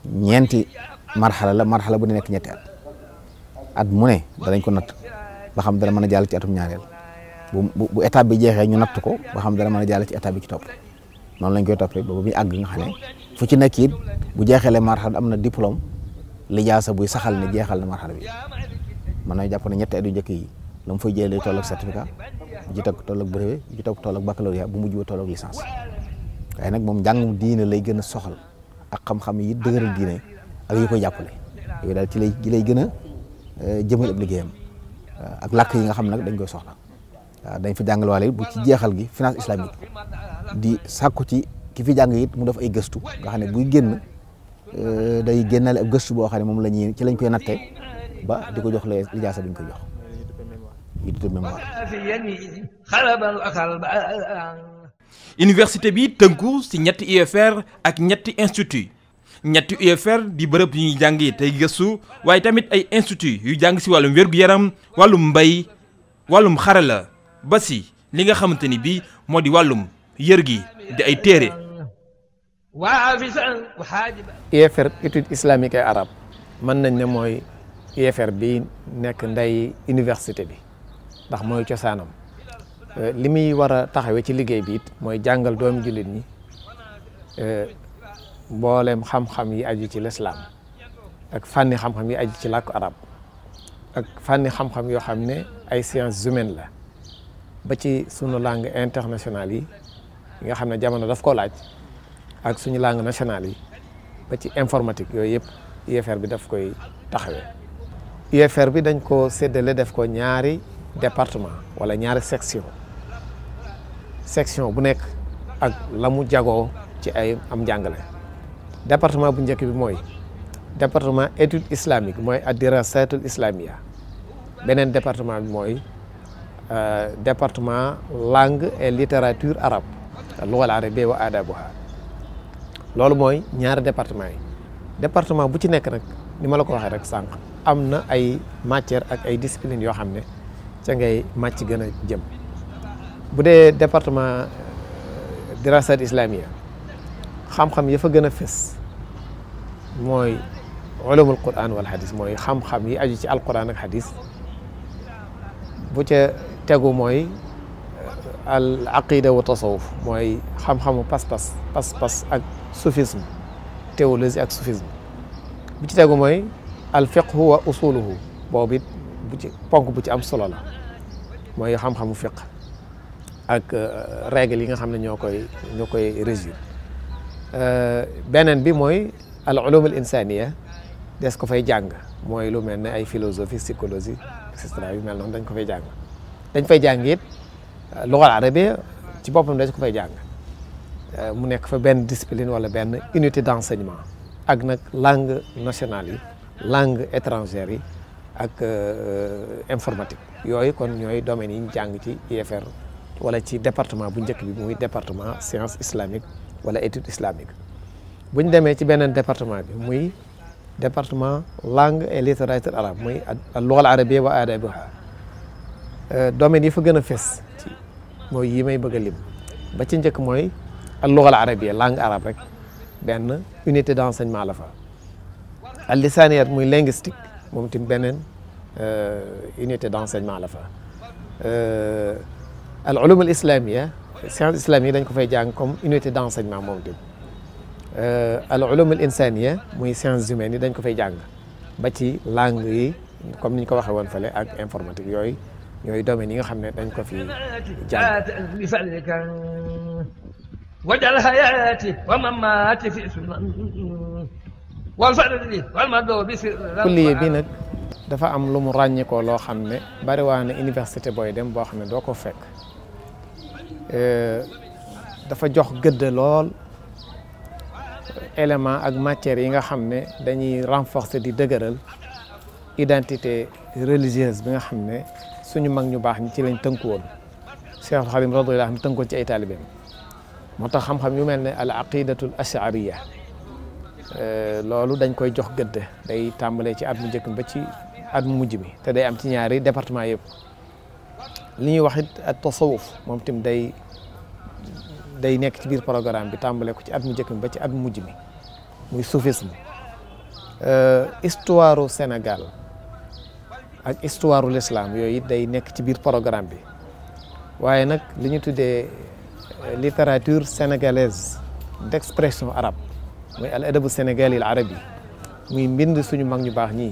ñeenti marxala la marxala bu ne nekk ñetti at mu ne danañ ko natt ba xam dana mën a jàll ci atum ñaareel bu bi jeexee ñu natt ko ba xam dana mën a jàll ci étape bi ci topp noonu lañ koy toppee ba bu ñu àgg nga xam ne fu ci nekk it bu jeexeelee marxala am na diplôme lijaasa buy saxal ne jeexal na marxala bi ma na jàpp ne ñetti at yu njëkk yi. la mu fay jëlee day toll ak certificat bu ci teg toll ak brevet bu ci teg toll ak baccalauréat mujj ba toll licence waaye nag moom njàngum diine lay gën a soxal ak xam-xam yi dëgëral diine ak yi koy jàppale yooyu daal ci lay ci lay gën a euh, jëmal ab liggéeyam euh, ak làkk yi nga xam nag dañ koy soxla dañ fi jàngalewaale bu ci jeexal gi finance islamique di sàkku ki fi jàng it mu def ay gëstu nga xam ne buy génn euh, day génnale ab gëstu boo xam ne moom la ñuy ci lañ koy natte ba di ko jox la lijaasa bi ñu koy jox itu memang université bi teunkou ci ñett UFR ak ñett institut ñett UFR di bërepp yu ñuy jàng tay gëstu waye tamit ay institut yu jàng si wàllum wérgu yaram walum mbay walum xarala ba si li nga xamanteni bi modi walum yër gi di ay téré UFR étude islamique et arabe man nañ ne moy UFR bi nek ndey université bi ndax mooy cosaanam euh, li muy war a taxawee ci liggéey bi it mooy jàngal doomi jullit ñi euh, mbooleem xam-xam yi aju ci lislaam ak fànni xam-xam yi aju ci làkku arab ak fànni xam-xam yoo xam ne ay sciences humaines la ba ci sunu langue internationale yi nga xam ne jamono daf koo laaj ak suñu langue nationale yi ba ci informatique yooyu yëpp UFR bi daf koy taxawee UFR bi dañ koo séddale def ko ñaari département walla ñaari section section bu nekk ak lamu mu jagoo ci ay am jàngale département bu njëkk bi mooy département étude islamique mooy addirasatul islamia beneen département bi mooy euh, département langue et littérature arabe lugal arabiyya wa adabuha loolu mooy ñaari département yi département bu ci nekk nag ni ma la ko waxee rek sànq am na ay matière ak ay discipline yoo xam ne ca ngay màcc gën a jëm bu dee département dirasat islamiya xam-xam ya fa gën a fës mooy ulumul quran wal hadis mooy xam-xam yi aju ci alquran ak hadis bu ca tegu mooy al aqida wa tasawuf mooy xam-xamu pas-pas pas-pas ak soufisme théologie ak soufisme bu ci tegu mooy al fiqhu wa usuluhu boobu it bu ci ponk bu ci am solo la mooy xam-xamu fiq ak euh, règle yi nga xam ne ñoo koy ñoo koy régir euh, beneen bi mooy al ulum al insaniya des ko fay jàng mooy lu mel ne ay philosophie psychologie et yu mel noonu dañ ko fay jàng dañ fay jàng it euh, luxal arabe ci boppam dañ ko fay jàng mu nekk fa benn discipline wala benn unité d'enseignement ak nag langue nationale yi langue étrangère yi ak euh, euh, informatique yooyu kon ñooy domaines yi ñu jàng ci UFR wala ci département bu njëkk bi muy département science islamique wala étude islamique bu ñu demee ci beneen département bi muy département langue et littérature arabe muy al-lugha ba arabiyya wa adabuha euh, domaines yi fa gën a fes ci mooy yi may lim ba ci njëkk mooy al-lugha al-arabiyya langue arabe rek benn unité d'enseignement la fa al-lisaniyat muy linguistique moom itam beneen unité d' enseignement la fa al ulum al islamia science islamique dañ ko fay jàng comme unité d' enseignement moom itam al ulum al insania muy sciences humaines yi dañ ko fay jàng ba ci langue yi comme ni ñu ko waxee woon fale ak informatique yooyu yooyu domaines yi nga xam ne dañ ko fi jàng كل يبين دفع أم لوم راني كلو خامنة بارواني إنيفرسيتي بويدم بوخامنة دوكو فك دفع جوخ جد لول إلما أك ماتير ينغا خامنة داني رانفورسي دي دغرل إيدانتيتي ريليجيوز بيغا خامنة سونو ماغ نيو باخ ني تي لين تنكول شيخ خليم رضي الله عنه تنكول تي اي طالبين موتا خام خام يو ملني العقيده الاشعريه Euh, loolu dañ koy jox gëdd day tàmbalee ci at mu njëkk ba ci at mu mujj bi te day am ci ñaari département yëpp li ñuy wax it at tasawuf moom tim day day nekk ci biir programme bi tàmbalee ko ci at mu njëkk ba ci at mu mujj bi muy soufisme euh, histoire u Sénégal ak histoire u l'islam yooyu it day nekk ci biir programme bi waaye nag li ñu tuddee euh, littérature sénégalaise d'expression arabe mooy al adabu sénégalil arabi muy mbind suñu mag ñu baax ñi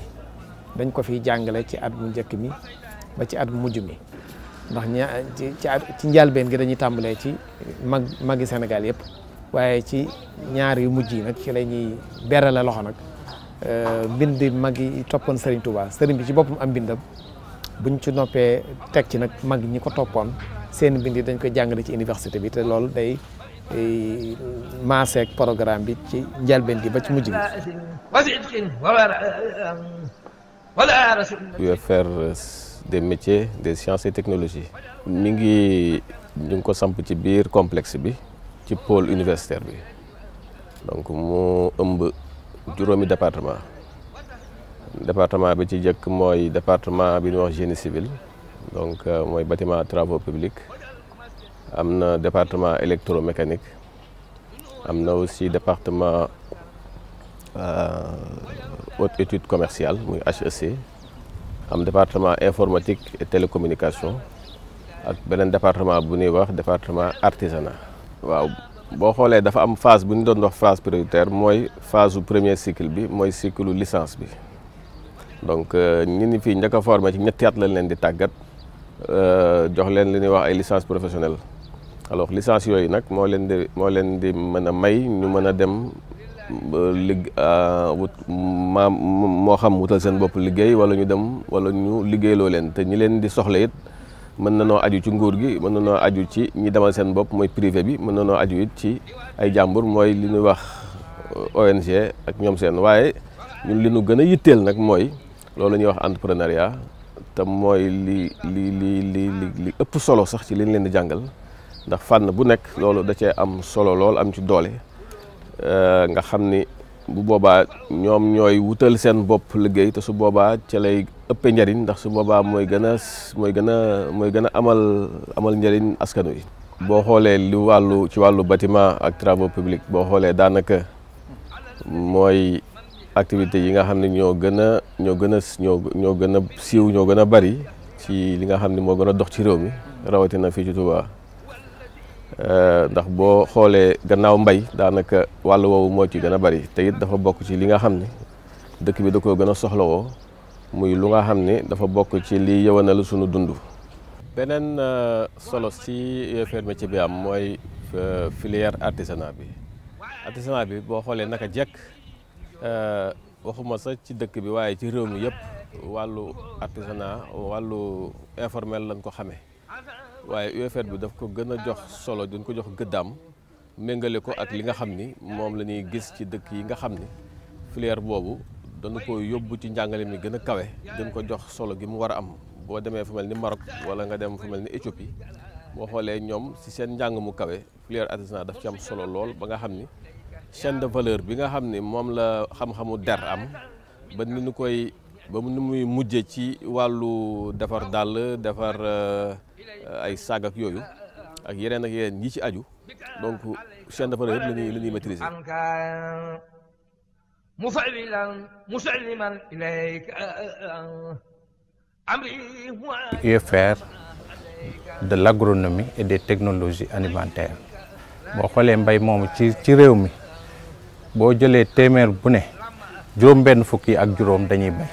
dañ ko fi jàngale ci at mu njëkk mi ba ci at mu mujj mi ndax ña ci ci njàlbeen gi dañuy tàmbalee ci mag magi Sénégal yëpp waaye ci ñaar yu yi nag ci la ñuy berale loxo nag euh, mbind mag yi toppoon sëriñ Touba sëriñ bi ci boppam am mbindam buñ ci noppee teg ci nag mag ñi ko toppoon seen mbind yi dañ koy jàngale ci université bi te loolu day. Je programme bi ci njalbeen gi ba ci mujj des métiers des sciences et technologies. mi ngi ñu ngi ko samp complexe bi ci pôle universitaire bi donc mu ëmb juróomi département département bi ci jëkk mooy département bi ñuy génie civil donc euh, mooy bâtiment travaux publics avons le département électromécanique am aussi département euh, haute étude commerciale muy HSC, e le département informatique et télécommunications. Et le département département artisanat waaw boo xoolee dafa phase qui ñu phase prioritaire la phase du premier cycle bi mooy cycle licence bi donc une ni fii formé ci ñetti une lañ leen di des euh, jox leen licence professionnelle alors licence yooyu nag moo leen di moo leen di mën a may ñu mën a dem lig wut maam moo xam wutal seen bopp liggéey wala ñu dem wala ñu liggéeyloo leen te ñi leen di soxla it mën na noo aju ci nguur gi mën na noo aju ci ñi demal seen bopp mooy privé bi mën na noo aju it ci ay jàmbur mooy li ñuy wax euh, ONG ak ñoom seen waaye ñun li ñu gën a yitteel nag mooy loolu ñuy wax entrepreneuriat te mooy li li li li li ëpp solo sax ci liñ leen di jàngal ndax fànn bu nekk loolu da cee am solo lool am ci doole euh, nga xam ni bu boobaa ñoom ñooy wutal seen bopp liggéey te su boobaa ca lay ëppee njariñ ndax su boobaa mooy gën a mooy gën a mooy gën a amal amal njariñ askanu yi boo xoolee li wàllu ci wàllu bâtiment ak travaux publics boo xoolee daanaka mooy activités yi nga xam ne ñoo gën a ñoo gën a ñoo ñoo gën a siiw ñoo gën a bari ci li nga xam ne moo gën a dox ci réew mi rawatina fii ci Touba. Euh, ndax boo xoolee gannaaw mbay daanaka wàll woowu moo ci gën a bari te it dafa bokk ci li nga xam ne dëkk bi da ko gën a soxlawoo muy lu nga xam ni dafa bokk ci li yëwanalu sunu dund. beneen euh, solo si fermeté bi am mooy euh, filière artisanat bi artisanat bi boo xoolee naka jekk waxuma sax ci dëkk bi waaye ci réew mi yëpp wàllu artisanat wàllu informel lañ ko xamee. waaye UFR bi daf ko gën a jox solo duñ ko jox gëddaam méngale ko ak li nga xam ni moom la ñuy gis ci dëkk yi nga xam ni filière boobu dañu ko yóbbu ci njàngale mi gën a kawe dañ ko jox solo gi mu war a am boo demee fu mel ni Maroc wala nga dem fu mel ni Éthiopie boo xoolee ñoom si seen njàng mu kawe filière artisanat daf ci am solo lool ba nga xam ni chaîne de valeur bi nga xam ni moom la xam-xamu der am ba ni ñu koy ba ni muy mujje ci wàllu defar dàll defar euh, ay saag yooyu ak yeneen ak yeneen yi ci aju donc chaîne de valeur yëpp la ñuy la ñuy maîtriser UFR de l'agronomie et des technologies alimentaires boo xoolee mbay moom ci ci réew mi boo jëlee téeméer bu ne juróom benn fukk ak juróom dañuy bay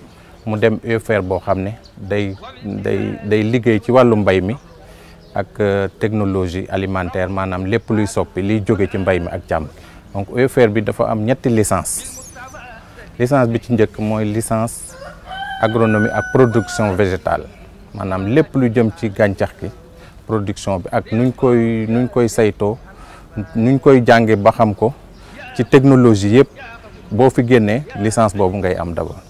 mu dem UFR bo xamné day day day liggéey ci walu mbay mi ak euh, technologie alimentaire manam lepp luy soppi li jóge ci mbay mi ak jamm donc UFR bi dafa am ñetti licence licence bi ci ñëk moy licence agronomie ak production végétale manam lepp lu jëm ci gàncax gi production bi ak nuñ koy nuñ koy sayto nuñ koy jànge ba xam ko ci technologie yépp boo fi génnee licence boobu ngay am d'abord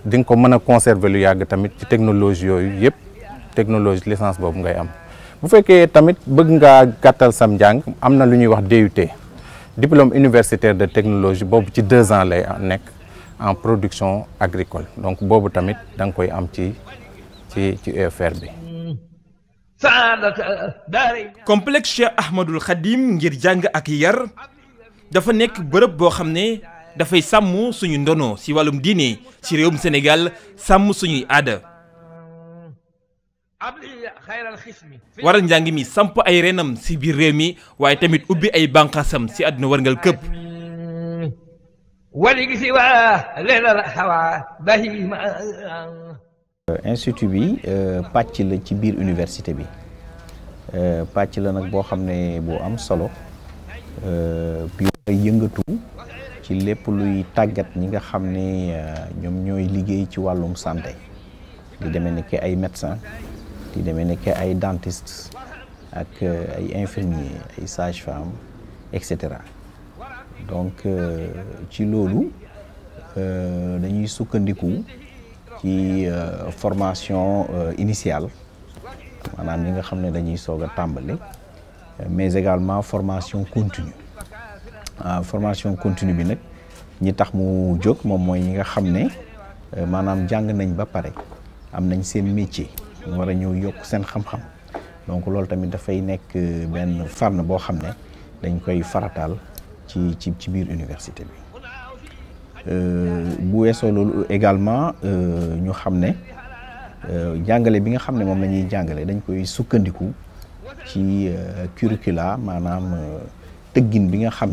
di nga ko mën a conserver lu yàgg tamit ci technologie yooyu yëpp technologie licence boobu ngay am bu fekkee tamit bëgg nga gàttal sam njàng am na lu ñuy wax DUT diplôme universitaire de technologie boobu ci deux ans lay nekk en production agricole donc boobu tamit da nga koy am ci ci ci UFR e bi complexe Cheikh Ahmadul Khadim ngir jàng ak yar dafa nekk bërëb boo xam ne fay sammu suñu ndono ci walum diiné ci réewum Sénégal sammu suñu aada waral njàng mi samp ay reenam ci biir réew mi waaye tamit ubbi ay bankasam ci àdduna warngal bahima institut bi patch euh, la ci biir université bi patch euh, la nak bo xamné bo am solo euh, bi yëngatu ci lépp luy tagat ñi nga xamné euh, ñom ñoy liggéey ci walum santé di demee ni ay médecin di demee ni ay dentistes ak euh, ay infirmier ay sage femme etc. donc euh, ci euh dañuy sukkandiku ci formation initiale manam ñi nga xamné dañuy soga a mais également formation continue Euh, formation continue bi nag ñi tax mu jóg moom mooy ñi nga xam ne euh, maanaam nañ ba pare am nañ seen métier ñu war a yok yokk seen xam-xam donc loolu tamit dafay nekk euh, benn fànn boo xam ne dañ koy farataal ci ci ci biir université bi bu weesoo loolu également ñu xam ne jàngale bi nga xam ne moom la dañ koy sukkandiku ci curricula maanaam tëggin bi nga xam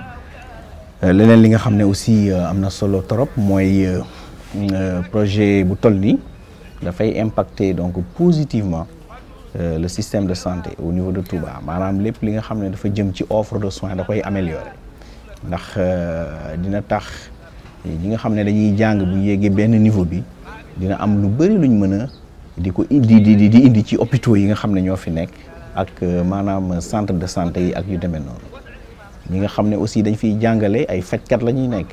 Euh, leneen li nga xam ne aussi euh, am na solo trop mooy euh, projet bu toll nii dafay impacter donc positivement le système de santé au niveau de Touba maanaam lépp li nga xam ne dafa jëm ci offre de soins da koy améliorer ndax dina tax ñi nga xam ne dañuy jàng bu yéegee benn niveau bi dina am lu bëri luñ mën a di ko indi di di indi ci hôpitaux yi nga xam ne ñoo fi nekk ak maanaam centre de santé yi ak yu demee noonu. ñi nga xam ne aussi dañ fiy jàngale ay fajkat la ñuy nekk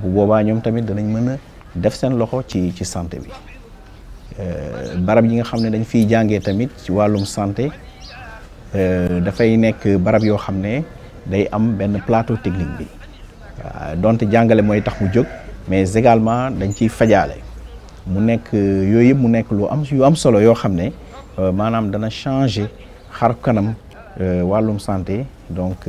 bu boobaa ñoom tamit danañ mën a def seen loxo ci ci santé bi euh, barab yi nga xam ne dañ fiy jàngee tamit ci wàllum santé euh, dafay nekk barab yoo xam ne day am benn plateau technique bi donte jàngale mooy tax mu jóg mais également dañ ciy fajaale mu nekk yooyu yëpp mu nekk lu am yu am solo yoo xam ne euh, maanaam dana changer xar kanam wàllum santé donc.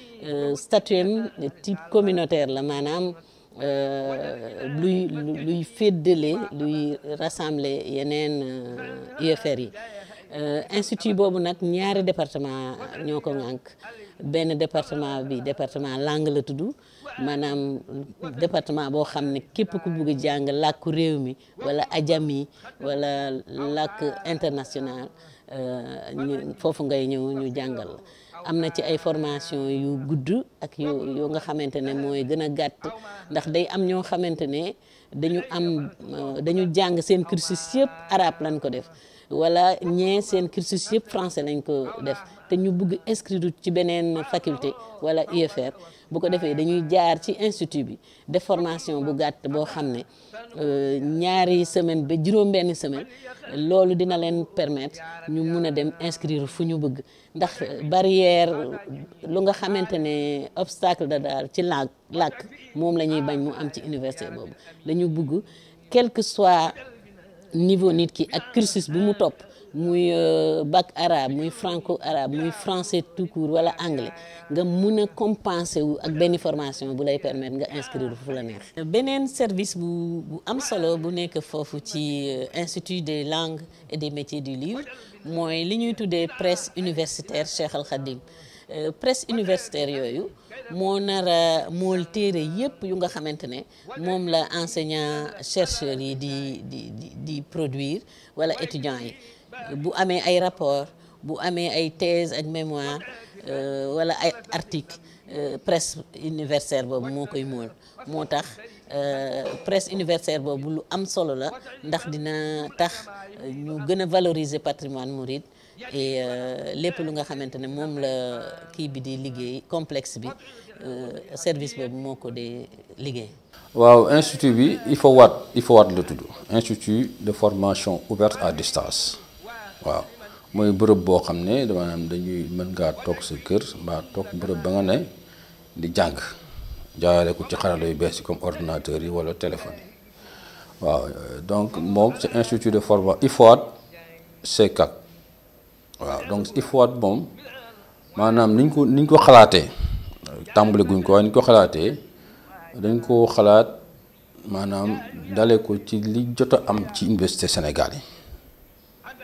Euh, statuem type communautaire la maanaam euh, luy luy féddale luy rassembler yeneen euh, UFR yi institut boobu nag ñaari département ñoo ko ŋànk benn département bi département lang la tudd maanaam département boo xam ne képp ku bugg a jàng làkku réew mi wala ajami wala làkk international ñu foofu ngay ñëw ñu jàngal la am na ci ay formation yu gudd ak yu yoo nga xamante ne mooy gën a gàtt ndax day am ñoo xamante ne dañu am euh, dañu jàng seen cursus yëpp arabe lañ ko def wala ñee seen cursus yëpp français lañ ko def te ñu bugg inscrire ci beneen faculté wala UFR bu ko defee dañuy jaar ci institut bi def bu gàtt boo xam ne euh, ñaari semaine ba juróom-benn semaine loolu dina leen permettre ñu mun a dem inscrire fu ñu bëgg ndax euh, barrière lu nga xamante ne obstacle da daal ci làkk làkk moom la ñuy bañ mu am ci université boobu dañu bugg quel que soit niveau nit ki ak cursus bu mu topp muy euh, bac arabe muy franco arabe muy français tout court wala anglais nga mun compenser wu ak formation bu lay permettre nga inscrire le la neex. service bu bu am solo bu ci euh, institut des langues et des métiers du livre mooy li ñuy tuddee presse universitaire Cheikh Al Khadim euh, presse universitaire yooyu moo nar a mool téere yëpp yu nga xamante ne la enseignant chercheur yi di di di produire wala étudiants bu avez ay rapport bu avez ay thèse ak mémoire euh, wala ay article euh, presse universitaire boobu mon koy mon moo euh, presse universitaire boobu lu am solo la ndax dina tax ñu gën valoriser patrimoine mouride et lépp lu nga xamante mom la ki bi di liggéey complexe bi service bobu moko di liggéey. waaw institut bi il faut waat il faut waat le tudu institut de formation ouverte à distance. waaw mooy bërëb boo xam ne maanaam dañuy mën ngaa toog sa kër mbaa toog bërëb ba nga ne di jàng jaaree ko ci xarala yu bees yi comme ordinateur yi wala téléphone yi waaw donc moom c'est institut de formation IFOAD CCAC waaw donc IFOAD moom maanaam niñ ko niñ ko xalaatee tàmbali guñ ko waaye niñ ko xalaatee dañ ko xalaat maanaam dale ko ci li jot a am ci université Sénégal yi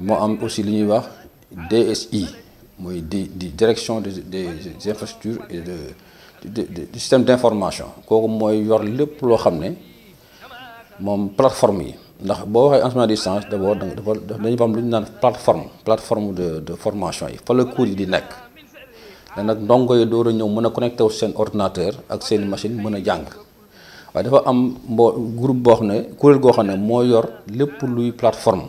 moi am aussi li ñuy wax DSI moy di direction des infrastructures et de du système d'information kooku moy yor lepp lo xamné mom plateforme yi ndax boo waxee enseignement à distance d'abord dañu am luñu nane plateforme plateforme de de formation yi fa le cours yi di nek da nak ndongo yi door a ñëw mën connecté wu seen ordinateur ak seen machine mëna jang wa dafa am groupe bo xam kurel go goo mo yor lepp luy plateforme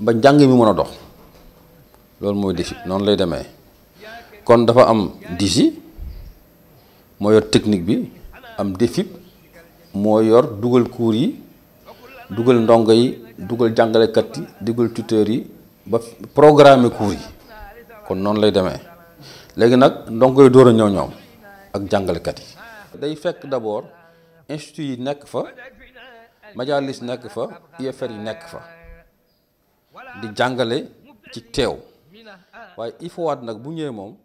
ba njàng mi mën a dox loolu mooy défi noonu lay demee kon dafa am DG moo yor technique bi am DEFIP moo yor dugal cours yi dugal ndongo yi dugal jàngalekat yi dugal tuteur yi ba programmer cours yi kon noonu lay demee léegi nag ndongo yi door a ñëw ñoom ak jàngalekat yi. day fekk d'abord institut yi nekk fa majalis nekk fa UFR yi nekk fa. di jangale ci tew waaye il faut wat nak bu ñewé nyonyo,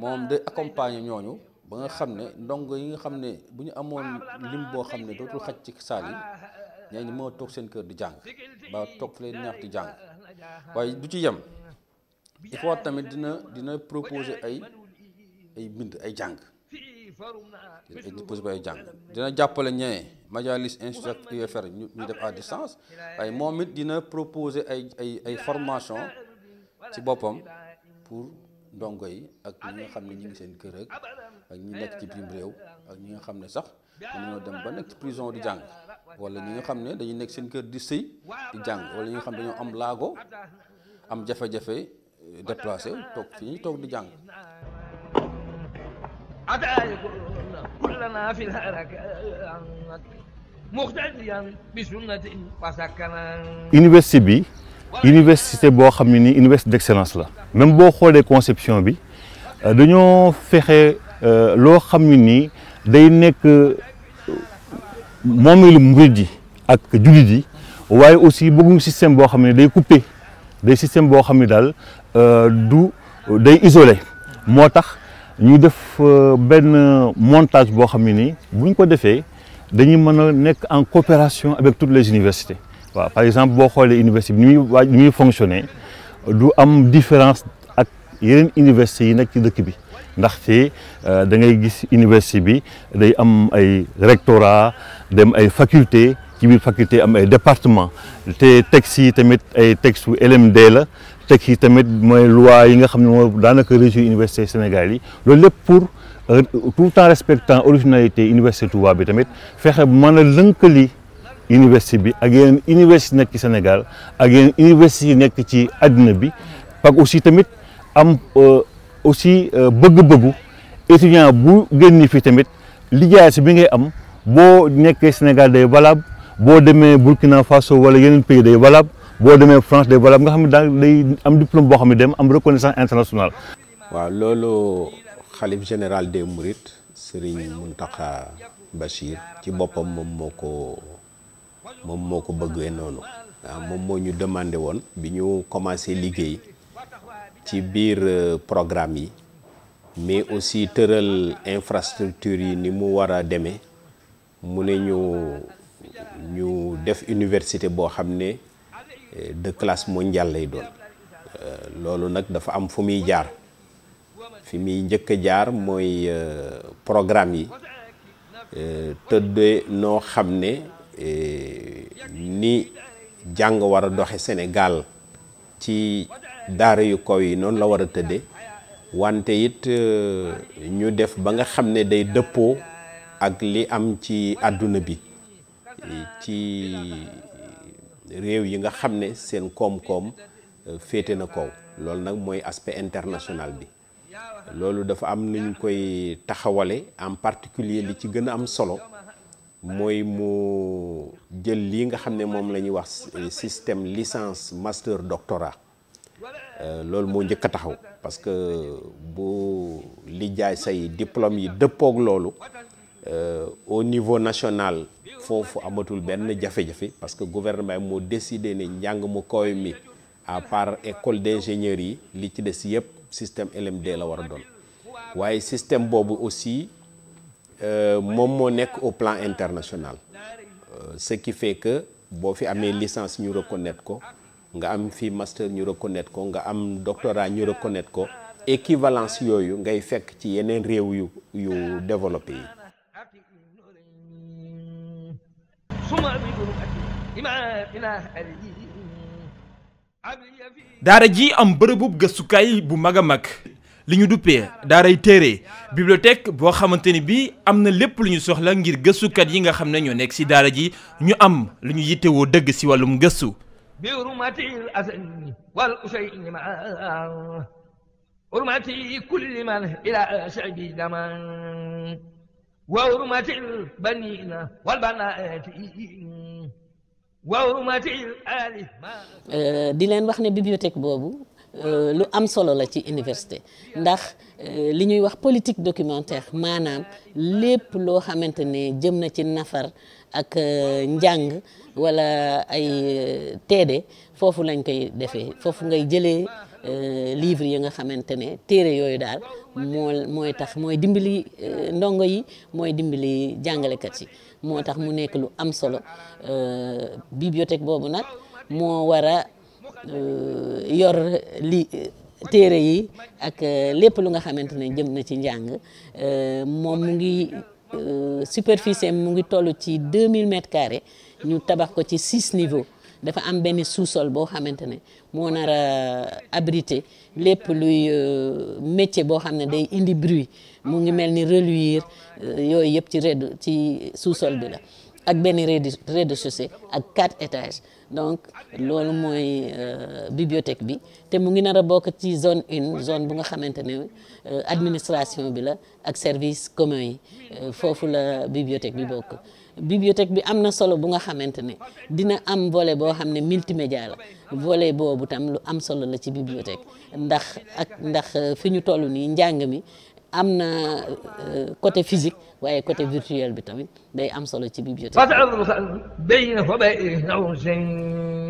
mom day accompagner ñooñu ba nga xamné ndong yi nga xamné bu ñu amone lim bo xamné dootul xacc ci sal yi ñay ñi mo tok seen kër di jang ba tok fi leen di jang waaye du ci yam il faut tamit dina dina proposer ay ay bind ay jàng ay proposer ay jang dina jappalé ñay Majalis Institute UFR ñu def à distance ay momit dina proposer ay ay ay formation ci boppam pour ndongo yi ak ñi nga xamni ñi ngi seen kër ak ñi nekk ci biir rew ak ñi nga xam ne sax dañoo dem ba nekk ci prison di jang wala ñi nga xam ne dañuy nekk seen kër di sëy di jang wala ñi nga xam dañu am lago am jafe-jafe déplacé tok fi ñuy toog di jàng université université d'excellence la même boo conception bi euh, dañoo fexe euh, loo xam ne nii day nekk euh, moomeelu murid ak aussi des système boo xam day coupé day système boo isolé ñu def un euh, montage bo xamni buñ ko defee dañuy mëna nek en coopération avec toutes les universités par exemple bo xolé université bi ni muy waaj fonctionner du am différence ak yeneen universités yi nekk ci dëkk bi des euh, da ngay gis université bi day am ay rectorat dem ay faculté ci bi faculté am ay département té textes yi tamit ay textes LMD la teg yi tamit moy loi yi nga xamne mo danaka daanaka université Sénégal yi lolou lepp pour tout temps respectant originalité université Touba bi tamit fexé mën a université bi ak yeen université nek ci Sénégal ak yeen université nek ci aduna bi parce aussi tamit am aussi bëgg-bëggu étudiant bu génni fi tamit liggéey ci bi ngay am bo nekkee Sénégal day valable bo démé Burkina Faso wala yeneen pays day valable boo demee France day valable nga xam ne daal day am diplôme boo xam ne dem am reconnaissance internationale. waaw loolu xalif général des Mourides Serigne Mountakha Bachir ci boppam moom moo ko moom moo ko bëggee noonu. waaw moom moo ñu demandé woon bi commencé liggéey ci biir euh, programme yi mais aussi tëral infrastructure yi ni mu war a mu ne ñu ñu def université boo xam de classe mondiale lay doon euh, loolu nag dafa am fu muy jaar fi muy njëkk a jaar mooy euh, programme yi euh, tëddee noo xam ne ni jàng war a doxe Sénégal ci daara yu kaw yi noonu la war a tëddee wante it ñu def ba nga xam ne day dëppoo ak li am ci àdduna bi ci réew yi nga xam ne seen koom-koom euh, féete na kaw loolu nag mooy aspect international bi loolu dafa am nu koy taxawale en particulier li ci gën a am solo mooy mu jël lii nga xam ne moom la ñuy wax euh, système licence master doctorat euh, loolu moo njëkk a taxaw parce que bu li jaay say diplôme yi dëppoog loolu au niveau national fofu amatul benn jafe-jafe parce que gouvernement moo décidé ne njàng mu koy mi à part école d'ingénieur yi li ci des yëpp système LMD la war a doon waaye système boobu aussi euh, moom moo nekk au plan international euh, ce qui fait que boo fi amee licence ñu reconnaître ko nga am fi master ñu reconnaître ko nga am doctorat ñu reconnaître ko équivalence yooyu ngay fekk ci yeneen réew yu yu développé yi daara ji am bërëbub gëstukaay bu mag a mag li ñu duppee daaray téere bibliothèque boo xamante ni bi am na lépp lu ñu soxla ngir gëstukat yi nga xam ne ñoo nekk ci daara ji ñu am lu ñu yittewoo dëgg ci wàllum gëstu bi وهرمة البنين والبنات وهرمة الآل di leen wax ne bibliothèque boobu euh, lu am solo la ci université ndax euh, li ñuy wax politique documentaire maanaam lépp loo xamante ne jëm na ci nafar ak euh, njàng walla ay teede foofu lañ koy defee foofu ngay jëlee Euh, livre yi nga xamante ne téere yooyu daal mooy tax mooy dimbali euh, ndongo yi mooy dimbali jàngalekat yi moo tax mu nekk lu am solo euh, bibliothèque boobu nag moo war a yor li téere yi ak lépp lu nga xamante ne jëm na ci njàng moom mu ngi superficie mu ngi toll ci 2000 mètres carrés ñu tabax ko ci six niveaux dafa am benn sous boo xamante ne moo nar a abrité lépp luy euh, métier boo xam ne day indi bruit mu ngi mel ni reluire euh, yooyu yëpp ci rez ci sous bi la ak benn rez-de-chaussée ak quatre étages donc loolu mooy euh, bibliothèque bi te mu ngi nar a bokk ci zone une zone bu nga xamante ne administration bi la ak service commun yi foofu la bibliothèque bi bokk bibliothèque bi am na solo bu nga xamante ne dina am volet boo xam ne multimédia la volet boobu tam lu am solo la ci bibliothèque ndax ak ndax euh, fi ñu toll nii njàng mi am na euh, côté physique waaye côté virtuel bi tamit day am solo ci bibliothèque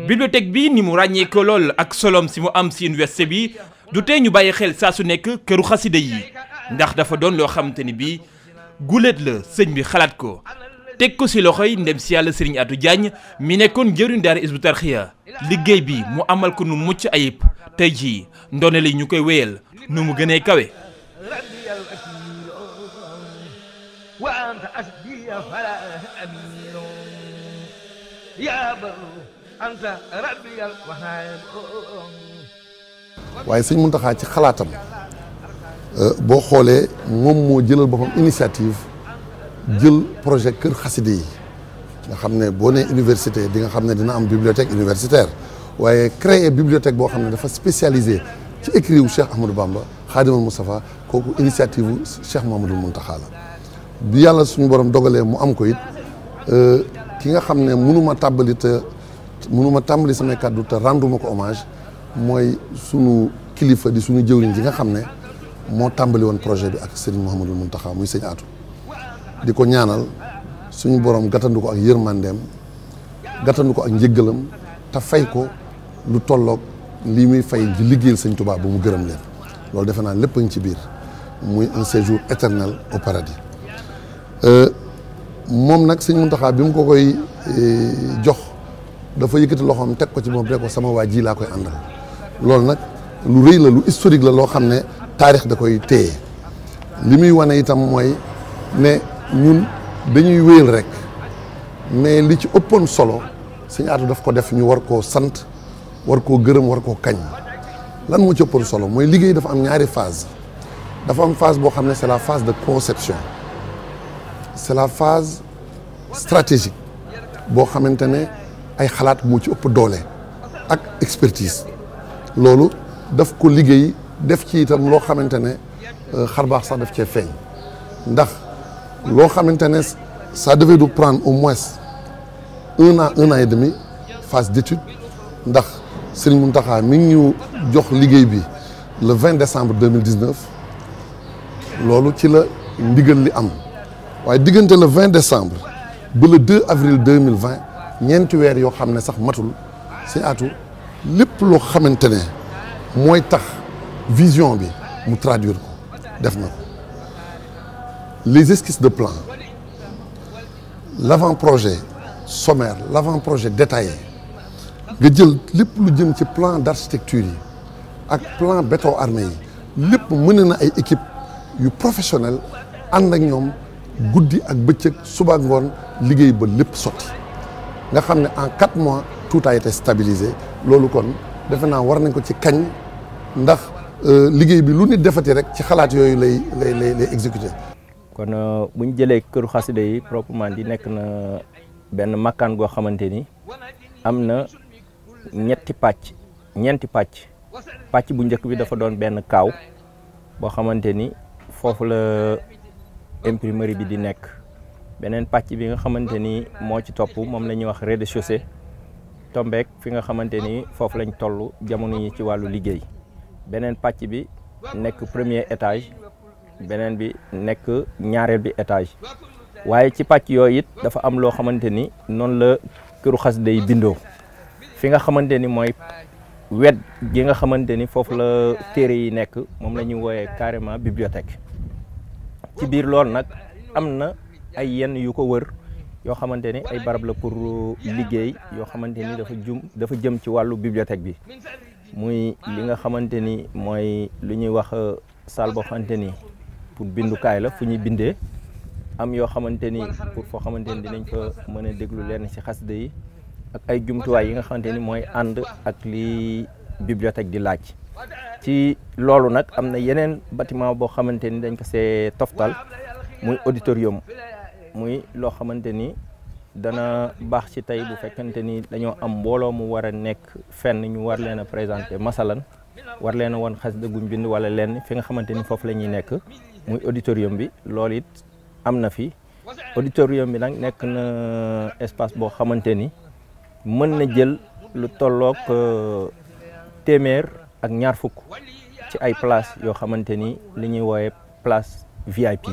bibliothèque bi ni mu ràññee loolu lool ak soloom si mu am si université bi du tee ñu bàyyi xel saa su nekk këru xasida yi ndax dafa doon loo xamante ni bi guléet la sëñ bi xalaat ko teg ko ci yi ndem si yàlla Serigne atu Diagne mi nekkoon jëriñ daara Hizbut liggéey bi mu amal ko nu mucc ayib tey jii ndone li ñu koy wéyal nu mu gënee kawe. waaye sëñ Mountakha ci xalaatam euh, boo xoolee moom moo jëlal boppam initiative. jël projet kër xaside yi nga xam ne boo nee université di nga xam ne dina am bibliothèque universitaire waaye créer bibliothèque boo xam ne dafa spécialiser ci écrit wu Cheikh Ahmadou Bamba Xaadimal Moustapha kooku initiative wu Cheikh Mamadou Mountakha la bi yàlla suñu borom dogalee mu am ko it euh, ki nga xam ne mënuma tàmbali te mënuma tàmbali samay kàddu te renduma ko hommage mooy suñu kilifa di suñu jëwriñ ji nga xam ne moo tàmbali woon projet bi ak Serigne Mouhamadou Mountakha muy sëñ Atou di ko ñaanal suñu borom gàttandu ko ak yërmandeem gàttandu ko ak njëggalam te fay ko lu tollook lii muy fay di liggéeyal sëñ tubaab bu mu gërëm leen loolu defe naa lépp a ci biir muy un séjour éternel au paradis euh, moom nag sëñ Muntaxa bi mu ko koy euh, jox dafa yëkkati loxoom teg ko ci moom rek ko sama waa ji laa koy àndal loolu nag lu rëy la lu historique la loo xam ne taarix da koy téye li muy wane itam mooy ne ñun dañuy wéyal rek mais li ci ëppoon solo sëñ Atou daf ko def ñu war koo sant war koo gërëm war koo kañ lan moo ci ëppoon solo mooy liggéey dafa am ñaari phase dafa am phase boo xam ne c'est la phase de conception c'est la phase stratégique boo xamante ne ay xalaat moo ci ëpp doole ak expertise loolu daf ko liggéey def ci itam loo xamante ne euh, xarbaax sax daf cee feeñ ndax ça devait nous prendre au moins un an un an et demi phase d'étude ndax Serigne mi le 20 décembre 2019 C'est ci la ndigal li am le 20 décembre le 2 avril 2020 nous avons yoo xam ne sax matul si Ce lépp loo xamante ne c'est la vision bi mu traduire ko def les esquisses de plan, l'avant-projet sommaire, l'avant-projet détaillé, nga qui est lu plan d'architecture yi plan béton armé yi ce qui est équipe yu professionnel ak qui ak fait suba en quatre mois tout a été stabilisé loolu kon defe war nañ ko ci ndax euh, bi lu rek ci xalaat fait kon euh, bu ñu jëlee këru xasida yi proprement di nekk na benn makkaan goo xamante ni am na ñetti pàcc ñeenti pàcc pàcc bu njëkk bi dafa doon benn kaaw boo xamante ni foofu la imprimerie bi di nekk beneen pàcc bi nga xamante ni moo ci topp moom la ñuy wax rez de tombeek fi nga xamante ni foofu lañ toll jamono ñi ci wàllu liggéey beneen pàcc bi nekk premier étage beneen bi nekk ñaareel bi étage waaye ci pàcc yooyu it dafa am loo xamante ni noonu la këru xasida yi bindoo fi nga xamante ni mooy wet gi nga xamante ni foofu la téere yi nekk moom la ñuy wooyee carrément bibliothèque ci biir lool nag am na ay yenn yu ko wër yoo xamante ni ay barab la pour liggéey yoo xamante ni dafa jum dafa jëm ci wàllu bibliothèque bi muy li nga xamante ni mooy lu ñuy wax euh, salle boo xamante ni pour bindukaay la fu ñuy bindee am yoo xamante ni pour foo xamante ni dinañ fa mën a déglu lenn ci xasida yi ak ay jumtuwaay yi nga xamante ni mooy ànd ak li bibliothèque di laaj ci loolu nag am na yeneen batiment boo xamante ni dañ ko see toftal muy auditorium muy loo xamante ni dana baax ci tey bu fekkante ni dañoo am mbooloo mu war a nekk fenn ñu war leen a présenter masalan war leen a woon xasida guñ bind wala lenn fi nga xamante ni foofu lañuy nekk muy auditorium bi loolu it fi auditorium bi nag nekk na espace boo xamante ni mën na jël lu tollook euh, téeméer ak ñaar fukk ci ay place yoo xamante ni li ñuy wooye place VIP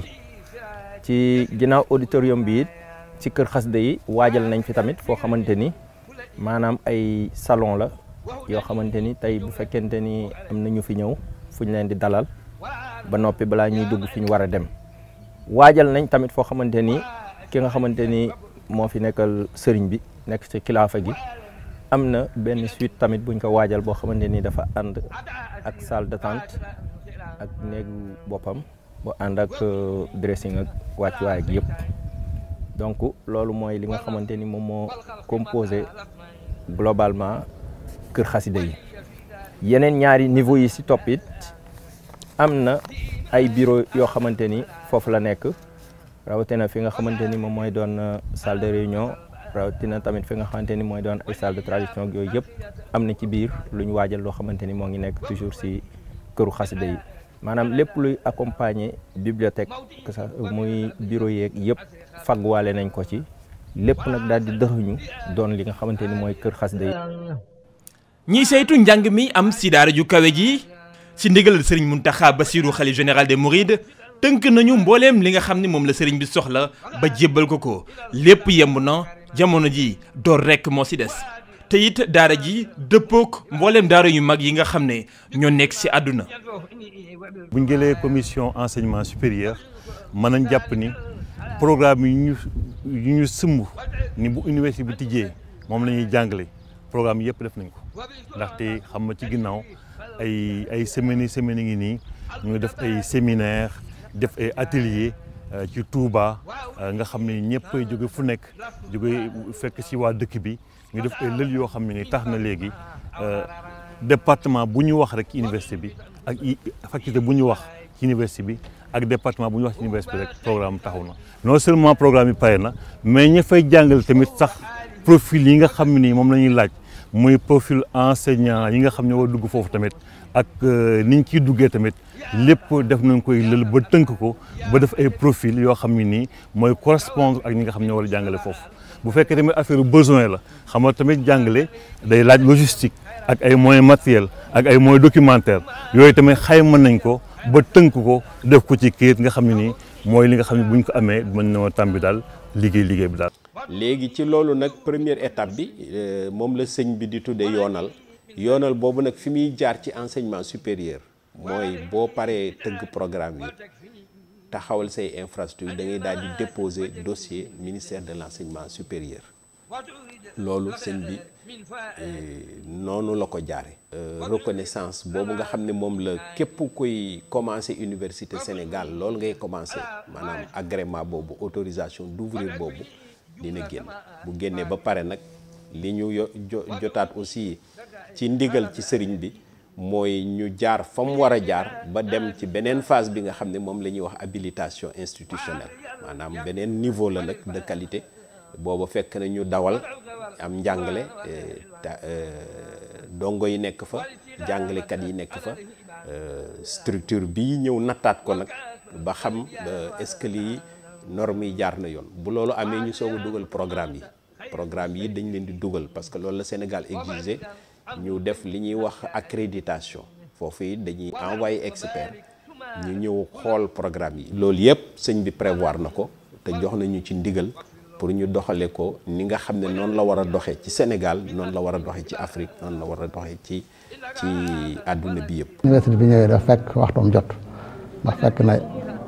ci ginnaaw auditorium bi it ci kër xasida yi waajal nañ fi tamit foo xamante ni ay salon la yoo xamante ni tey bu fekkente ni am fi ñëw fu leen di dalal ba nopi bala ñuy dugg fi ñu dem wajal nañ tamit fo xamanteni ki nga xamanteni mo fi nekkal serigne bi nek ci khilafa gi amna ben suite tamit buñ ko wajal bo xamanteni dafa and ak salle d'attente ak néegu bopam bo and ak euh, dressing ak way ak yëpp donc lolu moy li nga xamanteni mom mo composer globalement keur khasside yi yenen ñaari niveau yi si topit am na ay bureau yoo xamante ni foofu la nekk rawatina fi nga xamante ni moom mooy doon euh, salle de réunion rawatina tamit fi nga xamante ni mooy doon ay salle de tradition yooyu yëpp am na ci biir lu ñu waajal loo xamante ni moo ngi nekk toujours si këru xasida yi maanaam lépp luy accompagner bibliothèque que ça muy bureau yeeg yëpp fagwaale nañ ko ci lépp nag daal di dëxuñu doon li nga xamante ni mooy kër xasida yi ñiy saytu njàng mi am si ju kawe ji ci ndigal serigne Muntaxa Basiru xali général des Mourides teunk nañu mbollem li nga xam mom la serigne bi soxla ba jébbal ko ko lépp yemb na jamono ji do rek mo ci dess te it dara ji dëppook mbollem dara yu mag yi nga xam ño nek ci aduna bu ñu commission enseignement supérieur mën nañ jàpp ni programme yu ñu yu ñu sumb ni bu université bi tijjee mom la ñuy jàngale programme yépp def nañ ko ndaxte xam nga ci ginnaw ay ay semaines semaines ngi nii ñu def ay séminaire def ay atelier euh, ci Touba euh, nga xam ne ñëpp ay jóge fu nekk jóge fekk si waa dëkk bi ñu def ay lël yoo xam ne ni tax na léegi euh, departement bu ñu wax rek ci université bi ak faculté bu ñu wax ci université bi ak département bu ñu wax ci université bi rek programme taxaw na non seulement programme yi pare na mais ña fay jàngal tamit sax profil yi nga xam ne nii moom la ñuy laaj muy profil enseignant yi nga xam ne war dugg foofu tamit ak euh, niñ ciy duggee tamit lépp def nañ koy lël ba tënk ko ba def ay profil yoo xam ne nii mooy correspondre ak ñi nga xam ne war jàngale foofu bu fekkee tamit affaire besoin la xam nga tamit jàngale day laaj logistique ak ay moyens matériels ak ay moyens documentaires yooyu tamit xay xayma nañ ko ba tënk ko def ko ci kayit nga xam ne nii mooy li nga xam ne buñ ko amee mën na bi daal liggéey liggéey bi daal léegi ci lolu nak première étape bi euh, mom le seigne bi di tuddee yonal yonal bobu nak fi jaar ci enseignement supérieur moy bo paré tëgg programme yi taxawal say infrastructure da ngay dal di déposer dossier ministère de l'enseignement supérieur lolu seigne bi euh, nonu la ko euh, reconnaissance bobu nga xamné mom moom la képp koy commencer université Sénégal lolu ngay commencer manam agrément bobu autorisation d'ouvrir bobu dina génn bu génnee ba pare nag li ñu jotaat aussi ci ndigal ci sëriñ bi mooy ñu jaar fa mu war a jaar ba dem ci beneen phase bi nga xam ne moom la ñuy wax habilitation institutionnelle ah, maanaam beneen niveau la nag de qualité booba fekk na ñu dawal am njàngale eh, eh, dongo yi nekk fa jàngalekat yi nekk fa eh, structure bi ñëw nattaat ko nag ba xam est-ce que lii norme yi jaar na yoon bu loolu amee ñu soog a dugal programme yi programme yi dañ leen di dugal parce que loolu la Sénégal exigé ñu def li ñuy wax accréditation foofu yi dañuy envoyé expert ñu ñëw xool programme yi loolu yëpp sëñ bi prévoir na ko te jox nañu ci ndigal pour ñu doxale ko ni nga xam ne noonu la war a doxee ci Sénégal noonu la war a doxee ci Afrique noonu la war a doxee ci ci àdduna bi yëpp université bi ñëwee dafa fekk waxtoom jot ndax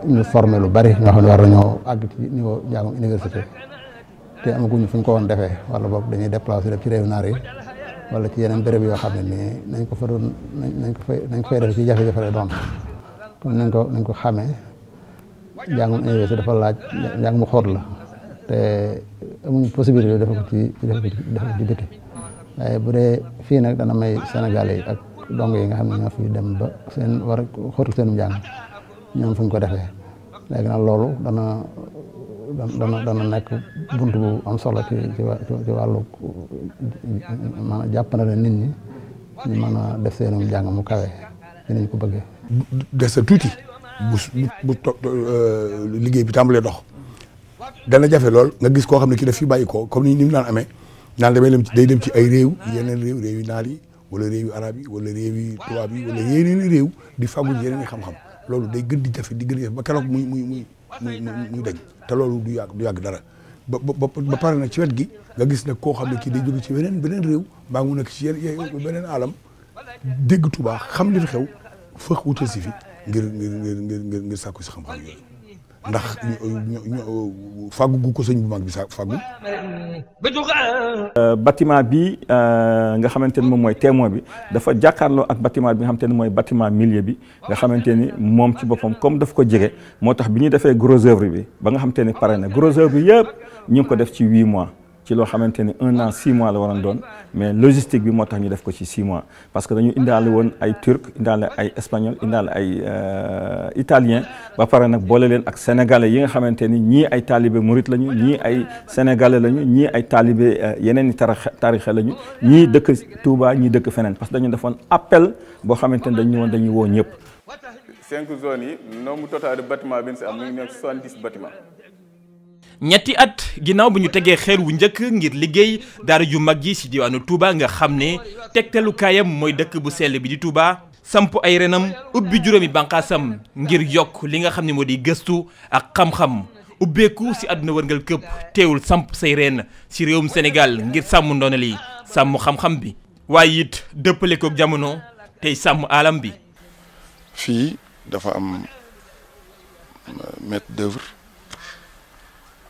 ñu formé lu bari ñoo xam ne war nañoo àgg ci niveau njàngum université te amaguñu fu ñu ko woon defee wala boog dañuy déplacé def ci réew naar yi wala ci yeneen béréb yoo xam ne nii nañ ko fa doon ko fay nañ ko fay def ci jafe-jafe la doon nañ ko nañ ko xamee njàngum dafa laaj njàng mu xóot la amuñ possibilité def ci def ci def ko waaye bu dee fii nag dana may Sénégalais yi ak dong yi nga xam ne ñoo fi dem ba seen war a xóotul seen njàng ñu am fu ñu ko defee léegi nag loolu dana dana dana nekk bunt bu am solo ci ci wàllu maanaam jàppandale nit ñi ñu mën a def seenum mu kawe dinañ ko bëggee. des sa tuuti bu bu euh, liggéey bi tàmbalee dox dana jafe lool nga gis koo xam ne ki daf fi bàyyi ko comme ni ni mu daan amee naan damay dem day dem ci ay réew yeneen réew réew yi naar yi wala réew yu arab yi wala réew yi tubaab yi wala yeneen réew di fàggu yeneen i xam-xam. loolu day gën di jafe di gën a jafe ba keroog muy muy muy muy muy dañ te loolu du yàgg du yàgg dara ba ba pare nag ci wet gi nga gis nag koo xam ne kii day jóge ci beneen beneen réew mbaa mu nekk ci yenn beneen alam dégg Tuubaa xam li fi xew fëx wutal si fi ngir ngir ngir ngir ngir sàkku si xam yooyu ndax fàggu gu ko sëñ bu mag bi sa fàggu euh, bâtiment bi euh, nga xamante ni moom mooy témoin bi dafa jàkkaar jàkkaarloo ak bâtiment bi nga xamante ni mooy bâtiment milieu bi nga xamante ni moom ci boppam comme daf ko jege moo tax bi ñu defee gros œuvre bi ba nga xamante ni pare na gros œuvre bi yëpp ñu ngi ko def ci huit mois ci loo xamante ne un an six la waroon doon mais logistique bi moo tax ñu def ko ci six mois parce que dañu indaale woon ay turc indaale ay espagnol indaale ay euh, italien ba pare nag boole leen ak sénégalais yi nga xamante ni ñii ay taalibe murit lañu ñii ay sénégalais lañu ñi ay taalibe euh, yeneen tarixe tarixa lañu ñii dëkk Touba ñii dëkk feneen parce que dañu defoon appel boo xamante ni dañu woon dañuy woo ñëpp. cinq zones yi nombre total de bâtiment bi ñu ñetti at ginnaaw bu ñu tegee xeer wu njëkk ngir liggéey daara yu mag yi ci diwaanu Touba nga xam ne tegtalukaayam mooy dëkk bu sell bi di Touba. samp ay renam ubbi juróomi bànqaasam ngir yokk li nga xam ne moo di gëstu ak xam-xam ubbeeku ci àdduna wërngal këpp teewul samp say reen ci réewum Sénégal ngir sàmm ndono li sàmm xam-xam bi. waaye it dëppale kook jamono tey sàmm alam bi. fii dafa am euh, maître d'œuvre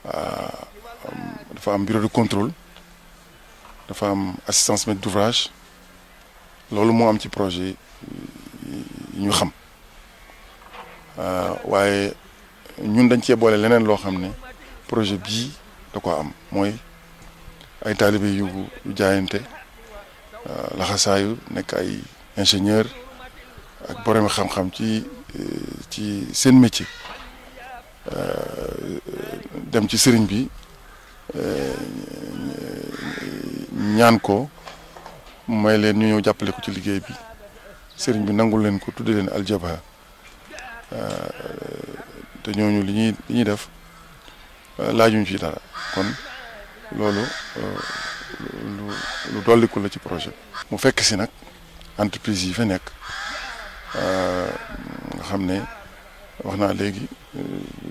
Euh, dafa am bureau de contrôle dafa am assistance maître d'ouvrage loolu moo am ci projet yi ñu xam euh, waaye ñun dañ cee boole leneen loo xam ne projet bii da ko am mooy ay taalibe yu jaayante euh, laxasaayu nekk ay ingénieur ak borom xam-xam ci ci seen métier. Euh, dem ci sëriñ bi euh, ñaan ko may leen ñu ñëw jàppale ko ci liggéey bi sëriñ bi nangu leen ko tudde leen aljaba euh, te ñooñu li ñuy ñuy def laajuñ ci dara kon loolu lu lu dolliku la ci projet mu fekk si nag entreprise yi fa nekk nga xam ne wax naa léegi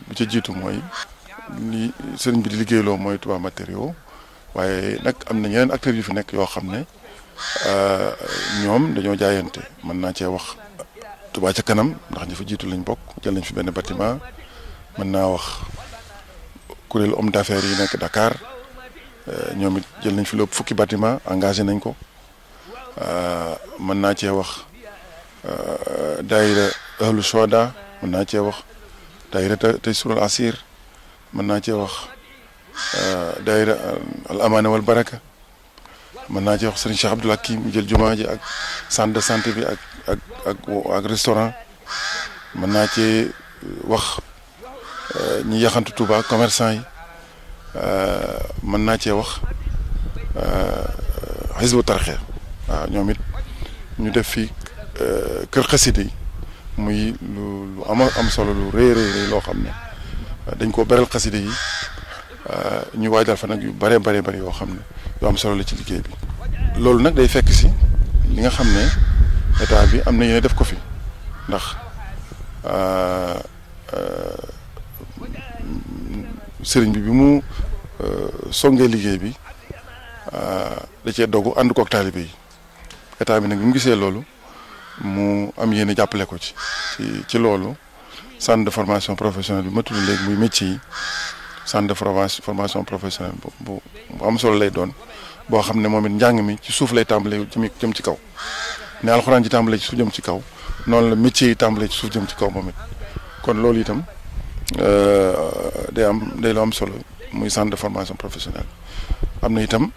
bu ca jiitu mooy li sëriñ bi di liggéeyloo mooy Touba matériaux waaye nag am na ñeneen acteurs yu fi nekk yoo xam ne euh, ñoom dañoo jaayante mën naa cee wax tubaa ca kanam ndax ñi fa jiitu lañ bokk jël nañ fi benn bâtiment mën naa wax kuréelu homme d'affaires yi nekk Dakar euh, ñoomit jël nañ fi lépp fukki bâtiment engagé nañ ko euh, mën naa cee wax daayira lu Soda من ناتي وخ دايرة تيسور العسير من ناتي وخ دايرة الأمانة والبركة من ناتي وخ سرين شعب دلاكي مجل جمعة جي أك ساند سانتي بي أك أك أك أك ريستوران من ناتي وخ ني يخان توبا كوميرسان من ناتي وخ حزب الترخيص ñoomit ñu def fi euh, kër xasida yi muy lu lu am am solo lu rëy rëy loo xam ne euh, dañ koo beral xasida yi euh, ñu waajal fa nag yu bare bare bari yoo xam ne yu am solo la ci liggéey bi loolu nag day fekk si li nga xam ne état bi am na yéene def ko fi ndax euh, sëriñ bi bi mu songee liggéey bi da cee dogu ànd kook taalibe yi état bi nag bi mu gisee loolu mu am yéen jàppale ko ci ci ci loolu centre de formation professionnelle bi ma tudd léegi muy métier yi centre de formation professionnelle bu bu am solo lay doon boo xam ne moom it njàng mi ci suuf lay tàmbalee jëm ci kaw ne alxuraan ji tàmbalee ci suuf jëm ci kaw noonu la métier yi tàmbalee ci suuf jëm ci kaw moom kon loolu itam euh, day am day am solo muy sant de formation professionnelle am na itam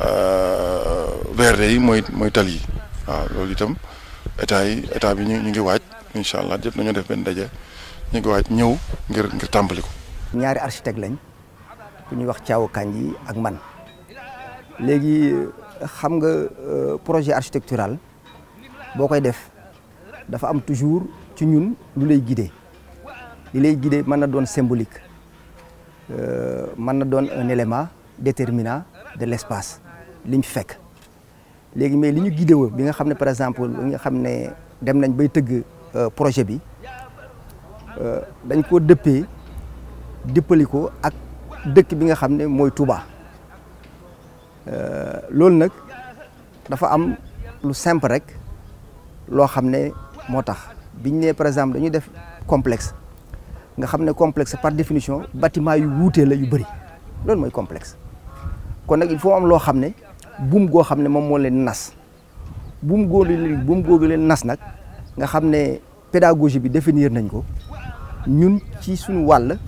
euh, VRD yi mooy mooy tal yi waaw loolu itam. état yi état bi ñu ñu ngi waaj incha allah jëpp nañoo def benn daje ñu ngi waaj ñëw ngir ngir ko. ñaari architecte lañ ku ñuy wax caaw Thiaw Kandji ak man léegi xam nga euh, projet architectural boo koy def dafa am toujours ci ñun lu lay guider li lay guider mën na doon symbolique euh, mën na doon un élément déterminant de l' espace liñ fekk. léegi mais li ñu guidé woo bi nga xam ne par exemple nga xam ne dem nañ bay tëgg euh, projet bi euh, dañ koo dëppee dippali ko ak dëkk bi nga xam ne mooy Touba euh, loolu nag dafa am lu simple rek loo xam ne moo tax biñ nee par exemple dañuy def complexe nga xam ne complexe par définition bâtiment yu wuutee la yu bëri loolu mooy complexe kon nag il faut am loo xam ne buum goo xam ne moom moo leen nas buum góor leen buum googu leen nas nag nga xam ne pédagogie bi définir nañ ko ñun ci suñu wàll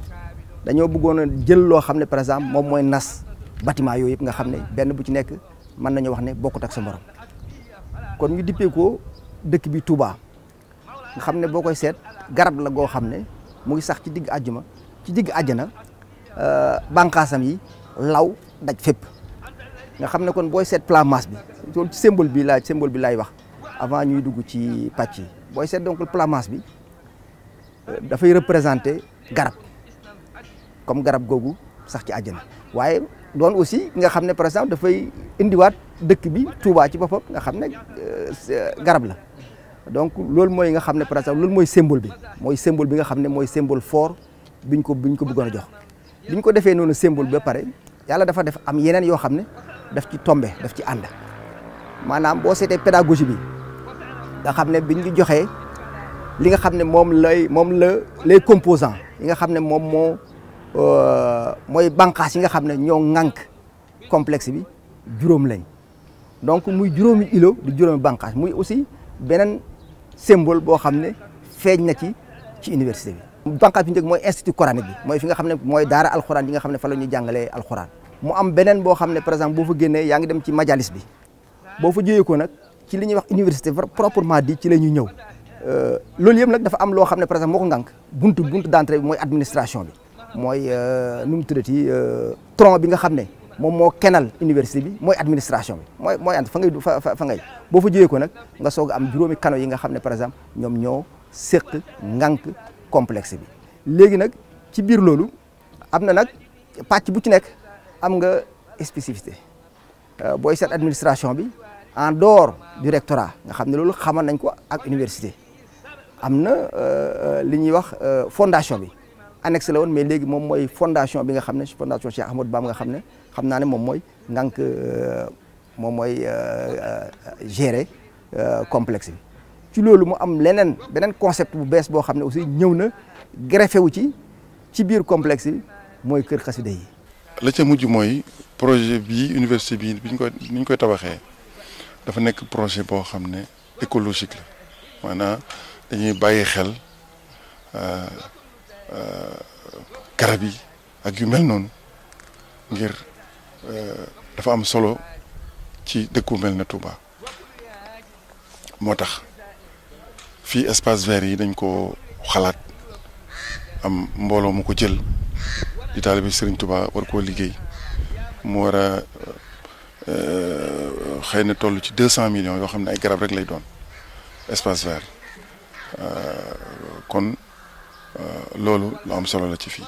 dañoo bëggoon a jël loo xam ne par exemple moom mooy nas bâtiment yooyu yëpp nga xam ne benn bu ci nekk mën nañu wax ne bokkut ak sa morom kon ñu dippee ko dëkk bi Touba nga xam ne boo koy seet garab la goo xam ne mu ngi sax ci digg àjjuma ci digg àjjana euh, bànqaasam yi law daj fépp nga xam ne kon booy seet plan masse bi loolu ci symbole bi laa symbole bi laay wax avant ñuy dugg ci pàcc yi booy seet donc plan masse bi euh, dafay représenter garab comme garab googu sax ci àjjana waaye doon aussi nga xam ne par exemple dafay indiwaat dëkk bi Touba ci bopp nga xam ne euh, garab la donc loolu mooy nga xam ne par exemple loolu mooy symbole bi mooy symbole bi nga xam ne mooy symbole fort biñ ko biñ ko bëggoon a jox biñ ko defee noonu symbole ba pare yàlla dafa def am yeneen yoo xam ne daf ci tombe daf ci ànd manam bo cété pédagogie bi da xamné ne biñ ñu joxee li nga xamné mom lay mom le les composants yi nga xamné mom mo euh moy bànqaas yi nga xamné ne ñoo ŋànk complexe bi juróom lañ donc muy juróomi ilo du juróomi bànqaas muy aussi benen symbole bo xamné feñ na ci ci université bi. bànqaas bi njëkk mooy institut coranique bi moy fi nga xamné moy daara alcorane yi nga xamné fa lañu jàngalé alcorane mu am beneen boo xam ne par exemple boo fa génnee yaa ngi dem ci majalis bi boo fa jógee ko nag ci li ñuy wax université proprement dit ci la ñuy ñëw euh, loolu yëpp nag dafa am loo xam ne par moo ko ngànk buntu buntu d'entrée bi mooy administration bi mooy euh, nu mu tuddati euh, tronc bi nga xam ne moom moo kenal université bi mooy administration bi mooy mooy ant fa ngay fa fa ngay boo fa jógee ko nag nga soog a am juróomi kano yi nga xam par exemple ñoom ñoo séq ngànk complexe bi léegi nag ci biir loolu am na nag pàcc bu ci nekk am nga spécificité euh, boy seet administration bi en dehors du rectorat nga xamné lolu loolu xamal nañ ko ak université amna na euh, euh, li wax fondation bi annexe la won mais légui mom moy fondation bi nga xamné fondation Cheikh Ahmadou bam nga xamné xamna né mom moy ngank mooy ngànk gérer complexe bi ci lolu mu am lenen benen concept bu bes bo xamné aussi ñëw na greffé wu ci ci biir complexe bi moy kër khassida yi la du mujj un projet bi université bi projet écologique dañuy xel euh, euh, ak yu mel ngir euh, dafa am solo ci melna Touba motax fi espace vert am di taalibe Serigne Touba war koo liggéey mu war a euh, xëy na toll ci 200 millions yoo xam ne ay garab rek lay doon espace vert euh, kon euh, loolu lu am solo la ci fii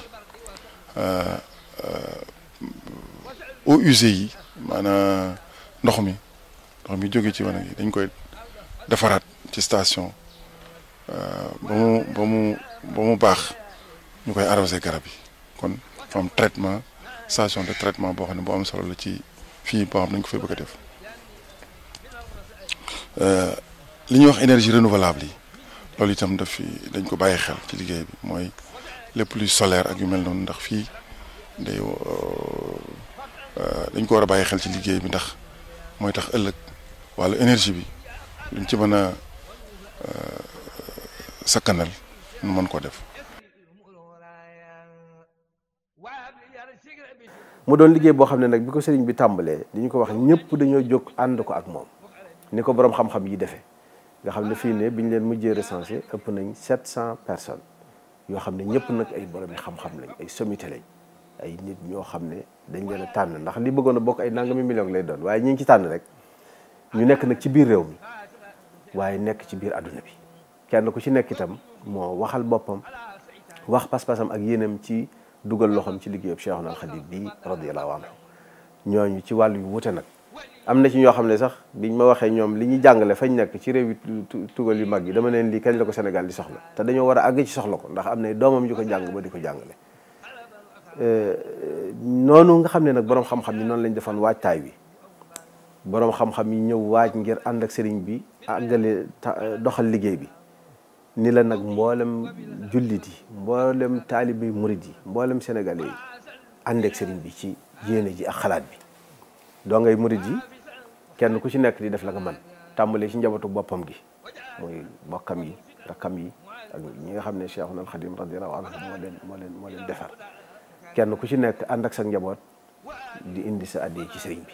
eaux usées yi maanaam ndox mi ndox mi jóge ci wanag yi dañ koy defaraat ci station ba mu ba mu ba mu baax ñu koy arrosé garab yi kon plateforme traitement station de traitement bo xam bo am solo la ci fi bo xam nañ ko fay bëgg a def euh, li ñuy wax énergie renouvelable yi loolu itam daf fi dañ ko bàyyi xel ci liggéey bi moy le plus solaire ak yu mel non ndax fi day euh, euh dañ ko wara a xel ci liggéey bi ndax moy tax ëllëg wàllu énergie bi luñ ci mëna euh sakkanal ñu mën ko def mu doon liggéey boo xam ne nag bi ko sëriñ bi tàmbalee di ñu ko wax ñëpp dañoo jóg ànd ko ak moom ni ko borom xam-xam yi defee nga xam ne fii ne bi ñu leen mujjee recensé ëpp nañ 700 personnes yoo xam ne ñëpp nag ay borom yi xam-xam lañ ay sommité lañ ay nit ñoo xam ne dañ leen a tànn ndax li bëggoon a bokk ay nangami millions lay doon waaye ñi ngi ci tànn rek ñu nekk nag ci biir réew mi waaye nekk ci biir àdduna bi kenn ku ci nekk itam moo waxal boppam wax pas-pasam ak yéenam ci. dugal loxoom ci liggéeyub Cheikhul Khadim bi radiyallahu anhu ñooñu ci wàllu yu wute nag am na ci ñoo xam ne sax biñ ma waxee ñoom li ñuy jàngale fañ nekk ci réew yi tugal yu mag yi dama leen lii kañ la ko Sénégal di soxla te dañoo war a àgg ci soxla ko ndax am na doomam yu ko jàng ba di ko jàngale euh, noonu nga xam ne nag boroom xam-xam yi noonu lañ defoon waajtaay wi boroom xam-xam yi ñëw waaj ngir ànd ak sëriñ bi àggale doxal liggéey bi ni la nag mboolem jullit yi mboolem taalibi murit yi mboolem senegal yi ànd ak bi ci yéene ji ak xalaat bi doo ngay murit yi kenn ku ci nekk di def la nga man tàmbalee ci njabootu boppam gi mooy bokkam yi rakkam yi ak ñi nga xam ne Cheikhuna al Khadim radiyallahu anhu moo leen moo leen moo leen defar kenn ku ci nekk ànd ak sa njaboot di indi sa addiya ci sëriñ bi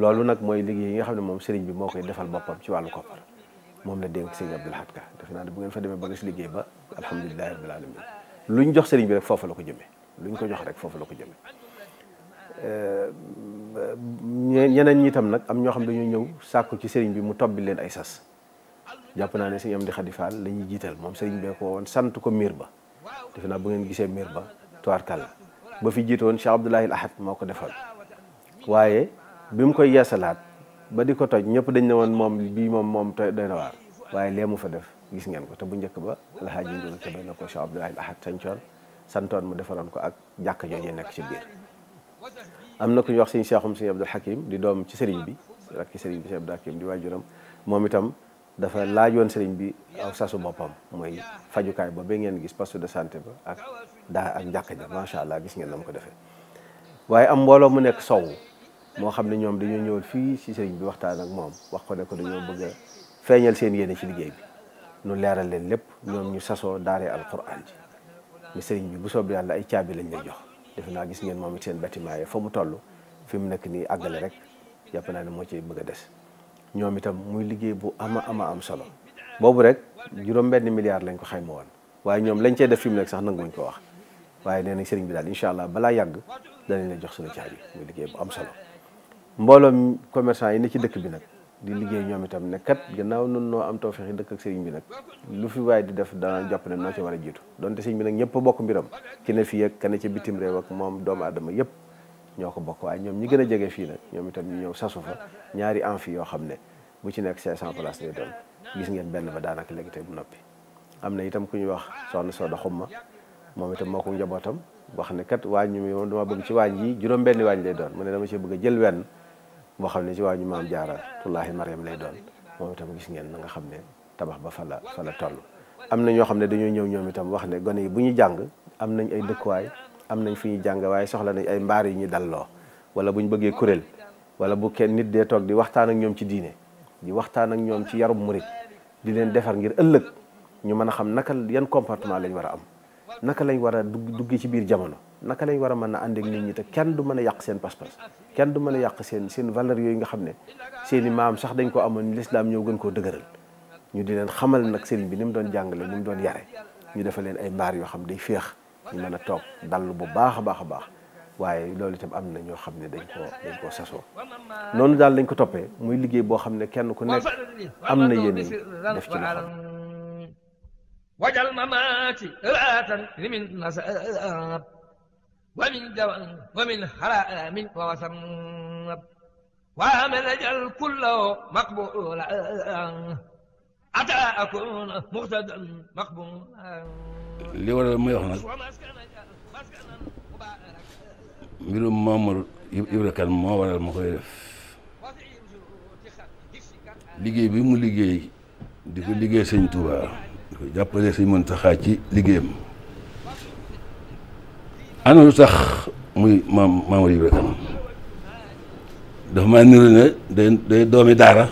loolu nag mooy liggéey yi nga xam ne moom sëriñ bi moo koy defal boppam ci wàllu koppar moom la dénk sëñ Abdou Lahad Ka defe naa ne bu ngeen fa demee ba gis liggéey ba alhamdulilahi rabbil alamin lu ñu jox sëriñ bi rek foofu la ko jëmee lu ko jox rek foofu la ko jëmee ñeneen ñi itam nag am ñoo xam dañoo ñëw sàkku ci sëriñ bi mu tobbi leen ay sas jàpp naa ne sëñ Amdi Khady Fall la ñuy jiital moom sëriñ bi ko woon sant ko miir ba defe naa bu ngeen gisee miir ba tubaarkàlla ba fi jiite woon Cheikh Abdoulahi Ahad moo ko defal waaye bi mu koy yeesalaat ba di ko toj ñëpp dañ ne woon moom bii moom moom doy na waar waaye lee mu fa def gis ngeen ko te bu njëkk ba alhaaji Ndiour ca bay na ko Cheikh Abdoulaye Ahad sancoon santoon mu defaroon ko ak jàkk jooju nekk ci biir am na ku ñu wax sëñ Cheikhum sëñ Abdoul Hakim di doom ci sëriñ bi rakki sëriñ bi sëñ Abdoul Hakim di waajuram moom itam dafa laajoon sëriñ bi aw sasu boppam mooy fajukaay ba ba ngeen gis poste de santé ba ak daa ak jàkk ja macha allah gis ngeen na mu ko defee waaye am mbooloo mu nekk sowu mo xam ñom dañu ñëwul fi ci sëriñ bi waxtaan ak mom wax ko ne ko dañu bëgg feñal seen yene ci liggéey bi ñu léral leen lépp ñom ñu sasso daaree alquran ji ne sëriñ bi bu soob yàlla ay ciabi lañ lay jox def na gis ngeen moom it seen bâtiment yi fa mu tollu fi mu nekk ni agale rek jàpp na ne moo ciy bëgg dess ñom itam muy liggéey bu ama ama am solo bobu rek juróom benn milliard lañ ko xayma won waaye ñom lañ cey def fi mu nekk sax nanguñ ko wax waaye nee nañ sëriñ bi daal inshallah bala yàgg dañ lay jox suñu ciabi muy liggéey bu am solo mbooloom commercant yi ne ci dëkk bi nag di liggéey ñoom itam ne kat gannaaw nun noo am tawfeex yi dëkk ak sëriñ bi nag lu fi waaye di def dana jàpp ne noo ci war a jiitu donte sëriñ bi nag ñëpp bokk mbiram ki ne fii ak ka ne ca bitim moom doomu aadama yëpp ñoo ko bokk waaye ñoom ñi gën a jege fii nag ñoom itam ñu ñëw sasu fa ñaari an yoo xam ne bu ci nekk 500 place lay doon gis ngeen benn ba daanaka léegi tey noppi am na itam ku ñuy wax soxna Soda Xumma moom itam moo ko njabootam wax ne kat waañ mi moom dama bëgg ci waañ yi juróom benni waañ lay doon mu ne dama ci bëgg a jël wenn boo xam ne ci waa ñu maam jaara tullaahi mariam lay doon moom itam gis ngeen na nga xam ne tabax ba fa la fa toll am na ñoo xam ne dañoo ñëw ñoom itam wax ne gone yi bu ñu jàng am nañ ay dëkkuwaay am nañ fu ñuy jàng waaye soxla nañ ay mbaar yi ñu dalloo wala bu ñu bëggee kuréel wala bu kenn nit dee toog di waxtaan ak ñoom ci diine di waxtaan ak ñoom ci yarum murit di leen defar ngir ëllëg ñu mën a xam naka yan comportement lañ war a am naka lañ war a dugg dugg ci biir jamono naka lañ war a mën a ànd ak nit ñi te kenn du mën a yàq seen pas kenn du mën a yàq seen seen valeur yooyu nga xam ne seen i maam sax dañ ko amoon lislaam ñëw gën koo dëgëral ñu di leen xamal nag sëriñ bi ni mu doon jàngale ni mu doon yare ñu defal leen ay mbaar yoo xam day féex ñu mën a toog dallu bu baax a baax a baax waaye loolu itam am na ñoo xam ne dañ koo dañ koo sasoo noonu daal lañ ko toppee muy liggéey boo xam ne kenn ku nekk am na yéen def ci loxo wajal ومن جوى ومن حرام ووسم ومن أجل كله مقبولا أتى أكون مقتدا مقبولا li waral muy wax nag mbirum Mamour Ibra Kane moo waral ma koy def liggéey bi mu liggéey di ko liggéey sëñ Touba di ko jàppale sëñ Mountakha ci liggéeyam ana lu tax muy maam Maam Ibra Kane dafa maa niru ne day day doomi daara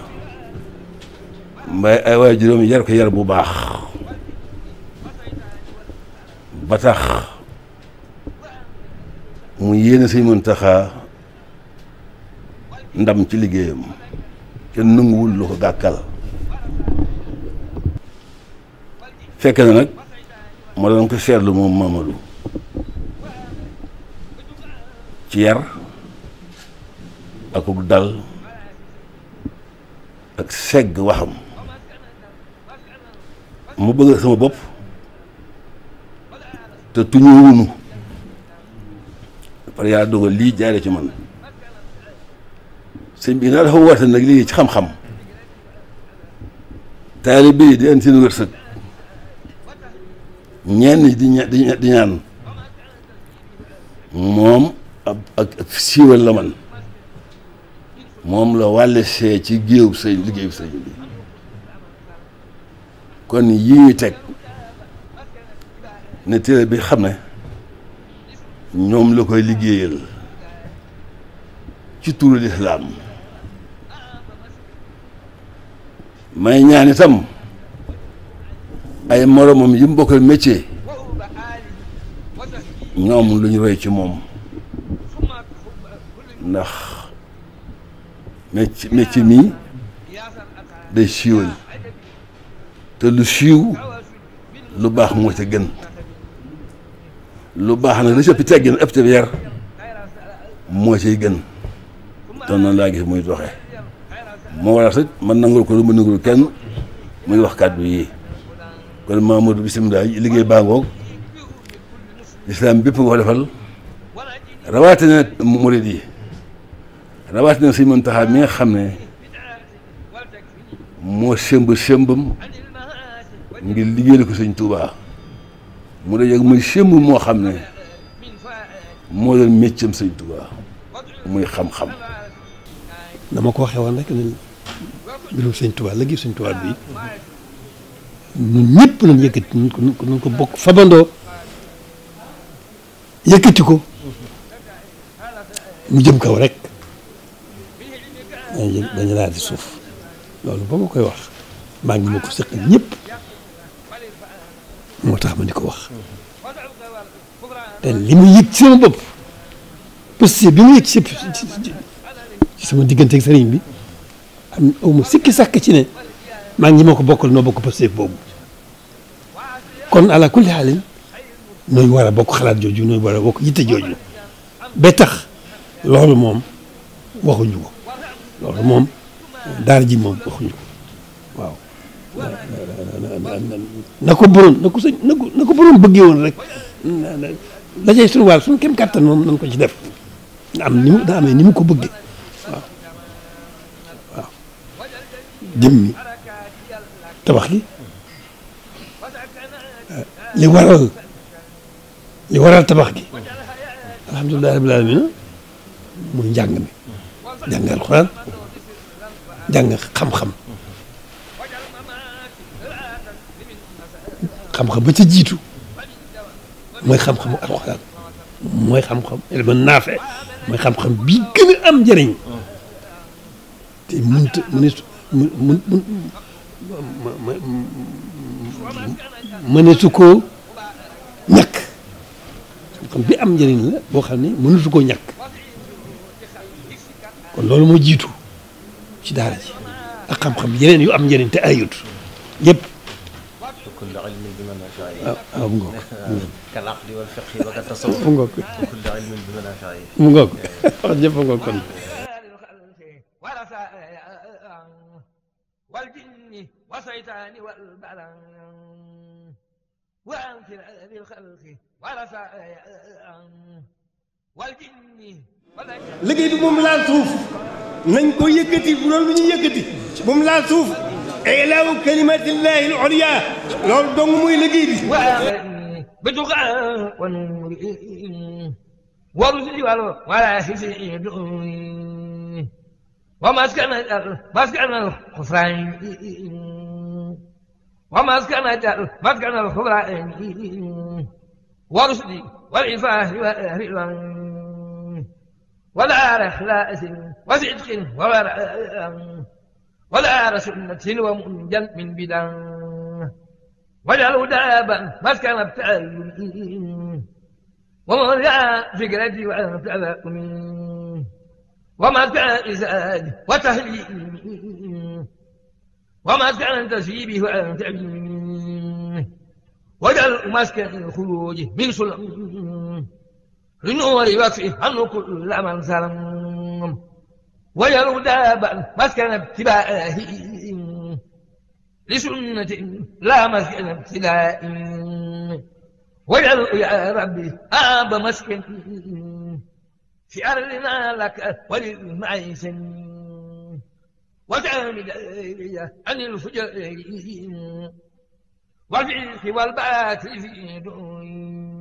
mbay ay waaye juróom yar ko yar bu baax ba tax mu yéene Sëñ Muntaxa ndam ci liggéeyam kenn nanguwul lu ko gàkkal fekk na nag ma doon ko seetlu moom Mamadou ci yar akuk dal ak segg waxam mu bëgg sama bopp te tuñu wunu par yaa dogal lii jaare ci man sëñ bi naa dafa woote nag lii ci xam-xam taali bii di an seen wërsëg ñenn di ñaan moom ab ak ak siiwal la man moom la wàlle ci géew sëñ liggéeyu sëñ bi kon yii ñu teg ne téere bi xam ne ñoom la koy liggéeyal ci turu lislaam may ñaan itam ay moromam yi mu bokkal ñoom lu ñu roy ci moom ndax métier métier mii day siiwal te lu siiw lu baax moo ca gën lu baax nag la sëppi teggin ëpp te yar moo ciy gën te noonu laa gis muy doxee moo waral sax man nangul ko lu ma nangul kenn muy wax kàddu yi kon Mamadou bisimilah liggéey baa ngoog islam bépp nga ko defal rawaate na murid yi rawatina sëñ Muntaxa mi nga xam ne moo sëmb sëmbam ngir liggéeyal ko sëñ Tuubaa mu dajee ak muy sëmb moo xam ne moo doon méccam sëñ Tuubaa muy xam-xam dama ko waxee woon rek ne mbirum sëñ Tuubaa liggéey sëñ Tuubaa bi ñun ñëpp nañ yëkkati nun ko nun ko bokk fabandoo yëkkati ko mu jëm kaw rek dañu dañu laal di suuf loolu ba ma koy wax maa ngi ma ko sëq ñëpp moo tax ma di ko wax te li mu yëg ci sama bopp parce bi mu yëg ci sama diggante ak sëriñ bi am awma sikki sàkk ci ne maa ngi moo ko bokkal noo bokk pëstéef boobu kon ala kulli xaalin nooy war a bokk xalaat jooju nooy war a bokk yitte jooju ba tax loolu moom waxuñu ko loolu moom daara ji moom waxuñu ko waaw na ko borom na bëggee woon rek la cay suñu wàll suñu kem kàttan moom nañ ko ci def na ni mu daa amee ni mu ko bëggee waaw tabax gi eh, li waral li waral tabax gi alhamdulilah rabbil alamin mooy njàng mi jàng alxuraan jàng xam-xam xam-xam ba ci jiitu mooy xam-xamu alxuraan mooy xam-xam ilmu naafe mooy xam-xam bi gën a am njëriñ te mënut a mënees mun mun mëneesu koo ñàkk xam-xam bi am njëriñ la boo xam ne mëneesu koo ñàkk. kon loolu moo jiitu ci daara ji ak xam-xam yeneen yu am njëriñ te ayut yëpp. waaw ah, ah, mu ngoog. mu ngoog. mu ngoog wax jëpp mu ngoog kon. والجن liggéey bi moom laal suuf nañ ko yëkkati bu doon lu ñuy yëkkati bu mu laal suuf ilaawu kalimatillahi al ulya loolu dong muy liggéey bi بدعاء ونور ورزق ولا حسد ومسكن مسكن الخسران ومسكن مسكن الخضران ورشدي والعفاف والرضوان ولا أخلاء وزعج وورع ولا سنة ومنجل من بدا وجعلوا دابا مسكن التعلم ومرجع فكرتي وأنت وما ومسكن إزاد وتهليم ومسكن تسيبه وأنت أبيمي واجعل مسكن الخروج من سلم من عمر يوفي عنه كل من سلم ويرد مسكن ابتلاء لسنة لا مسكن ابتلاء واجعل يا ربي آب مسكن في أرضنا لك وللمعيش واجعل بداية عن الفجر والبعث في دون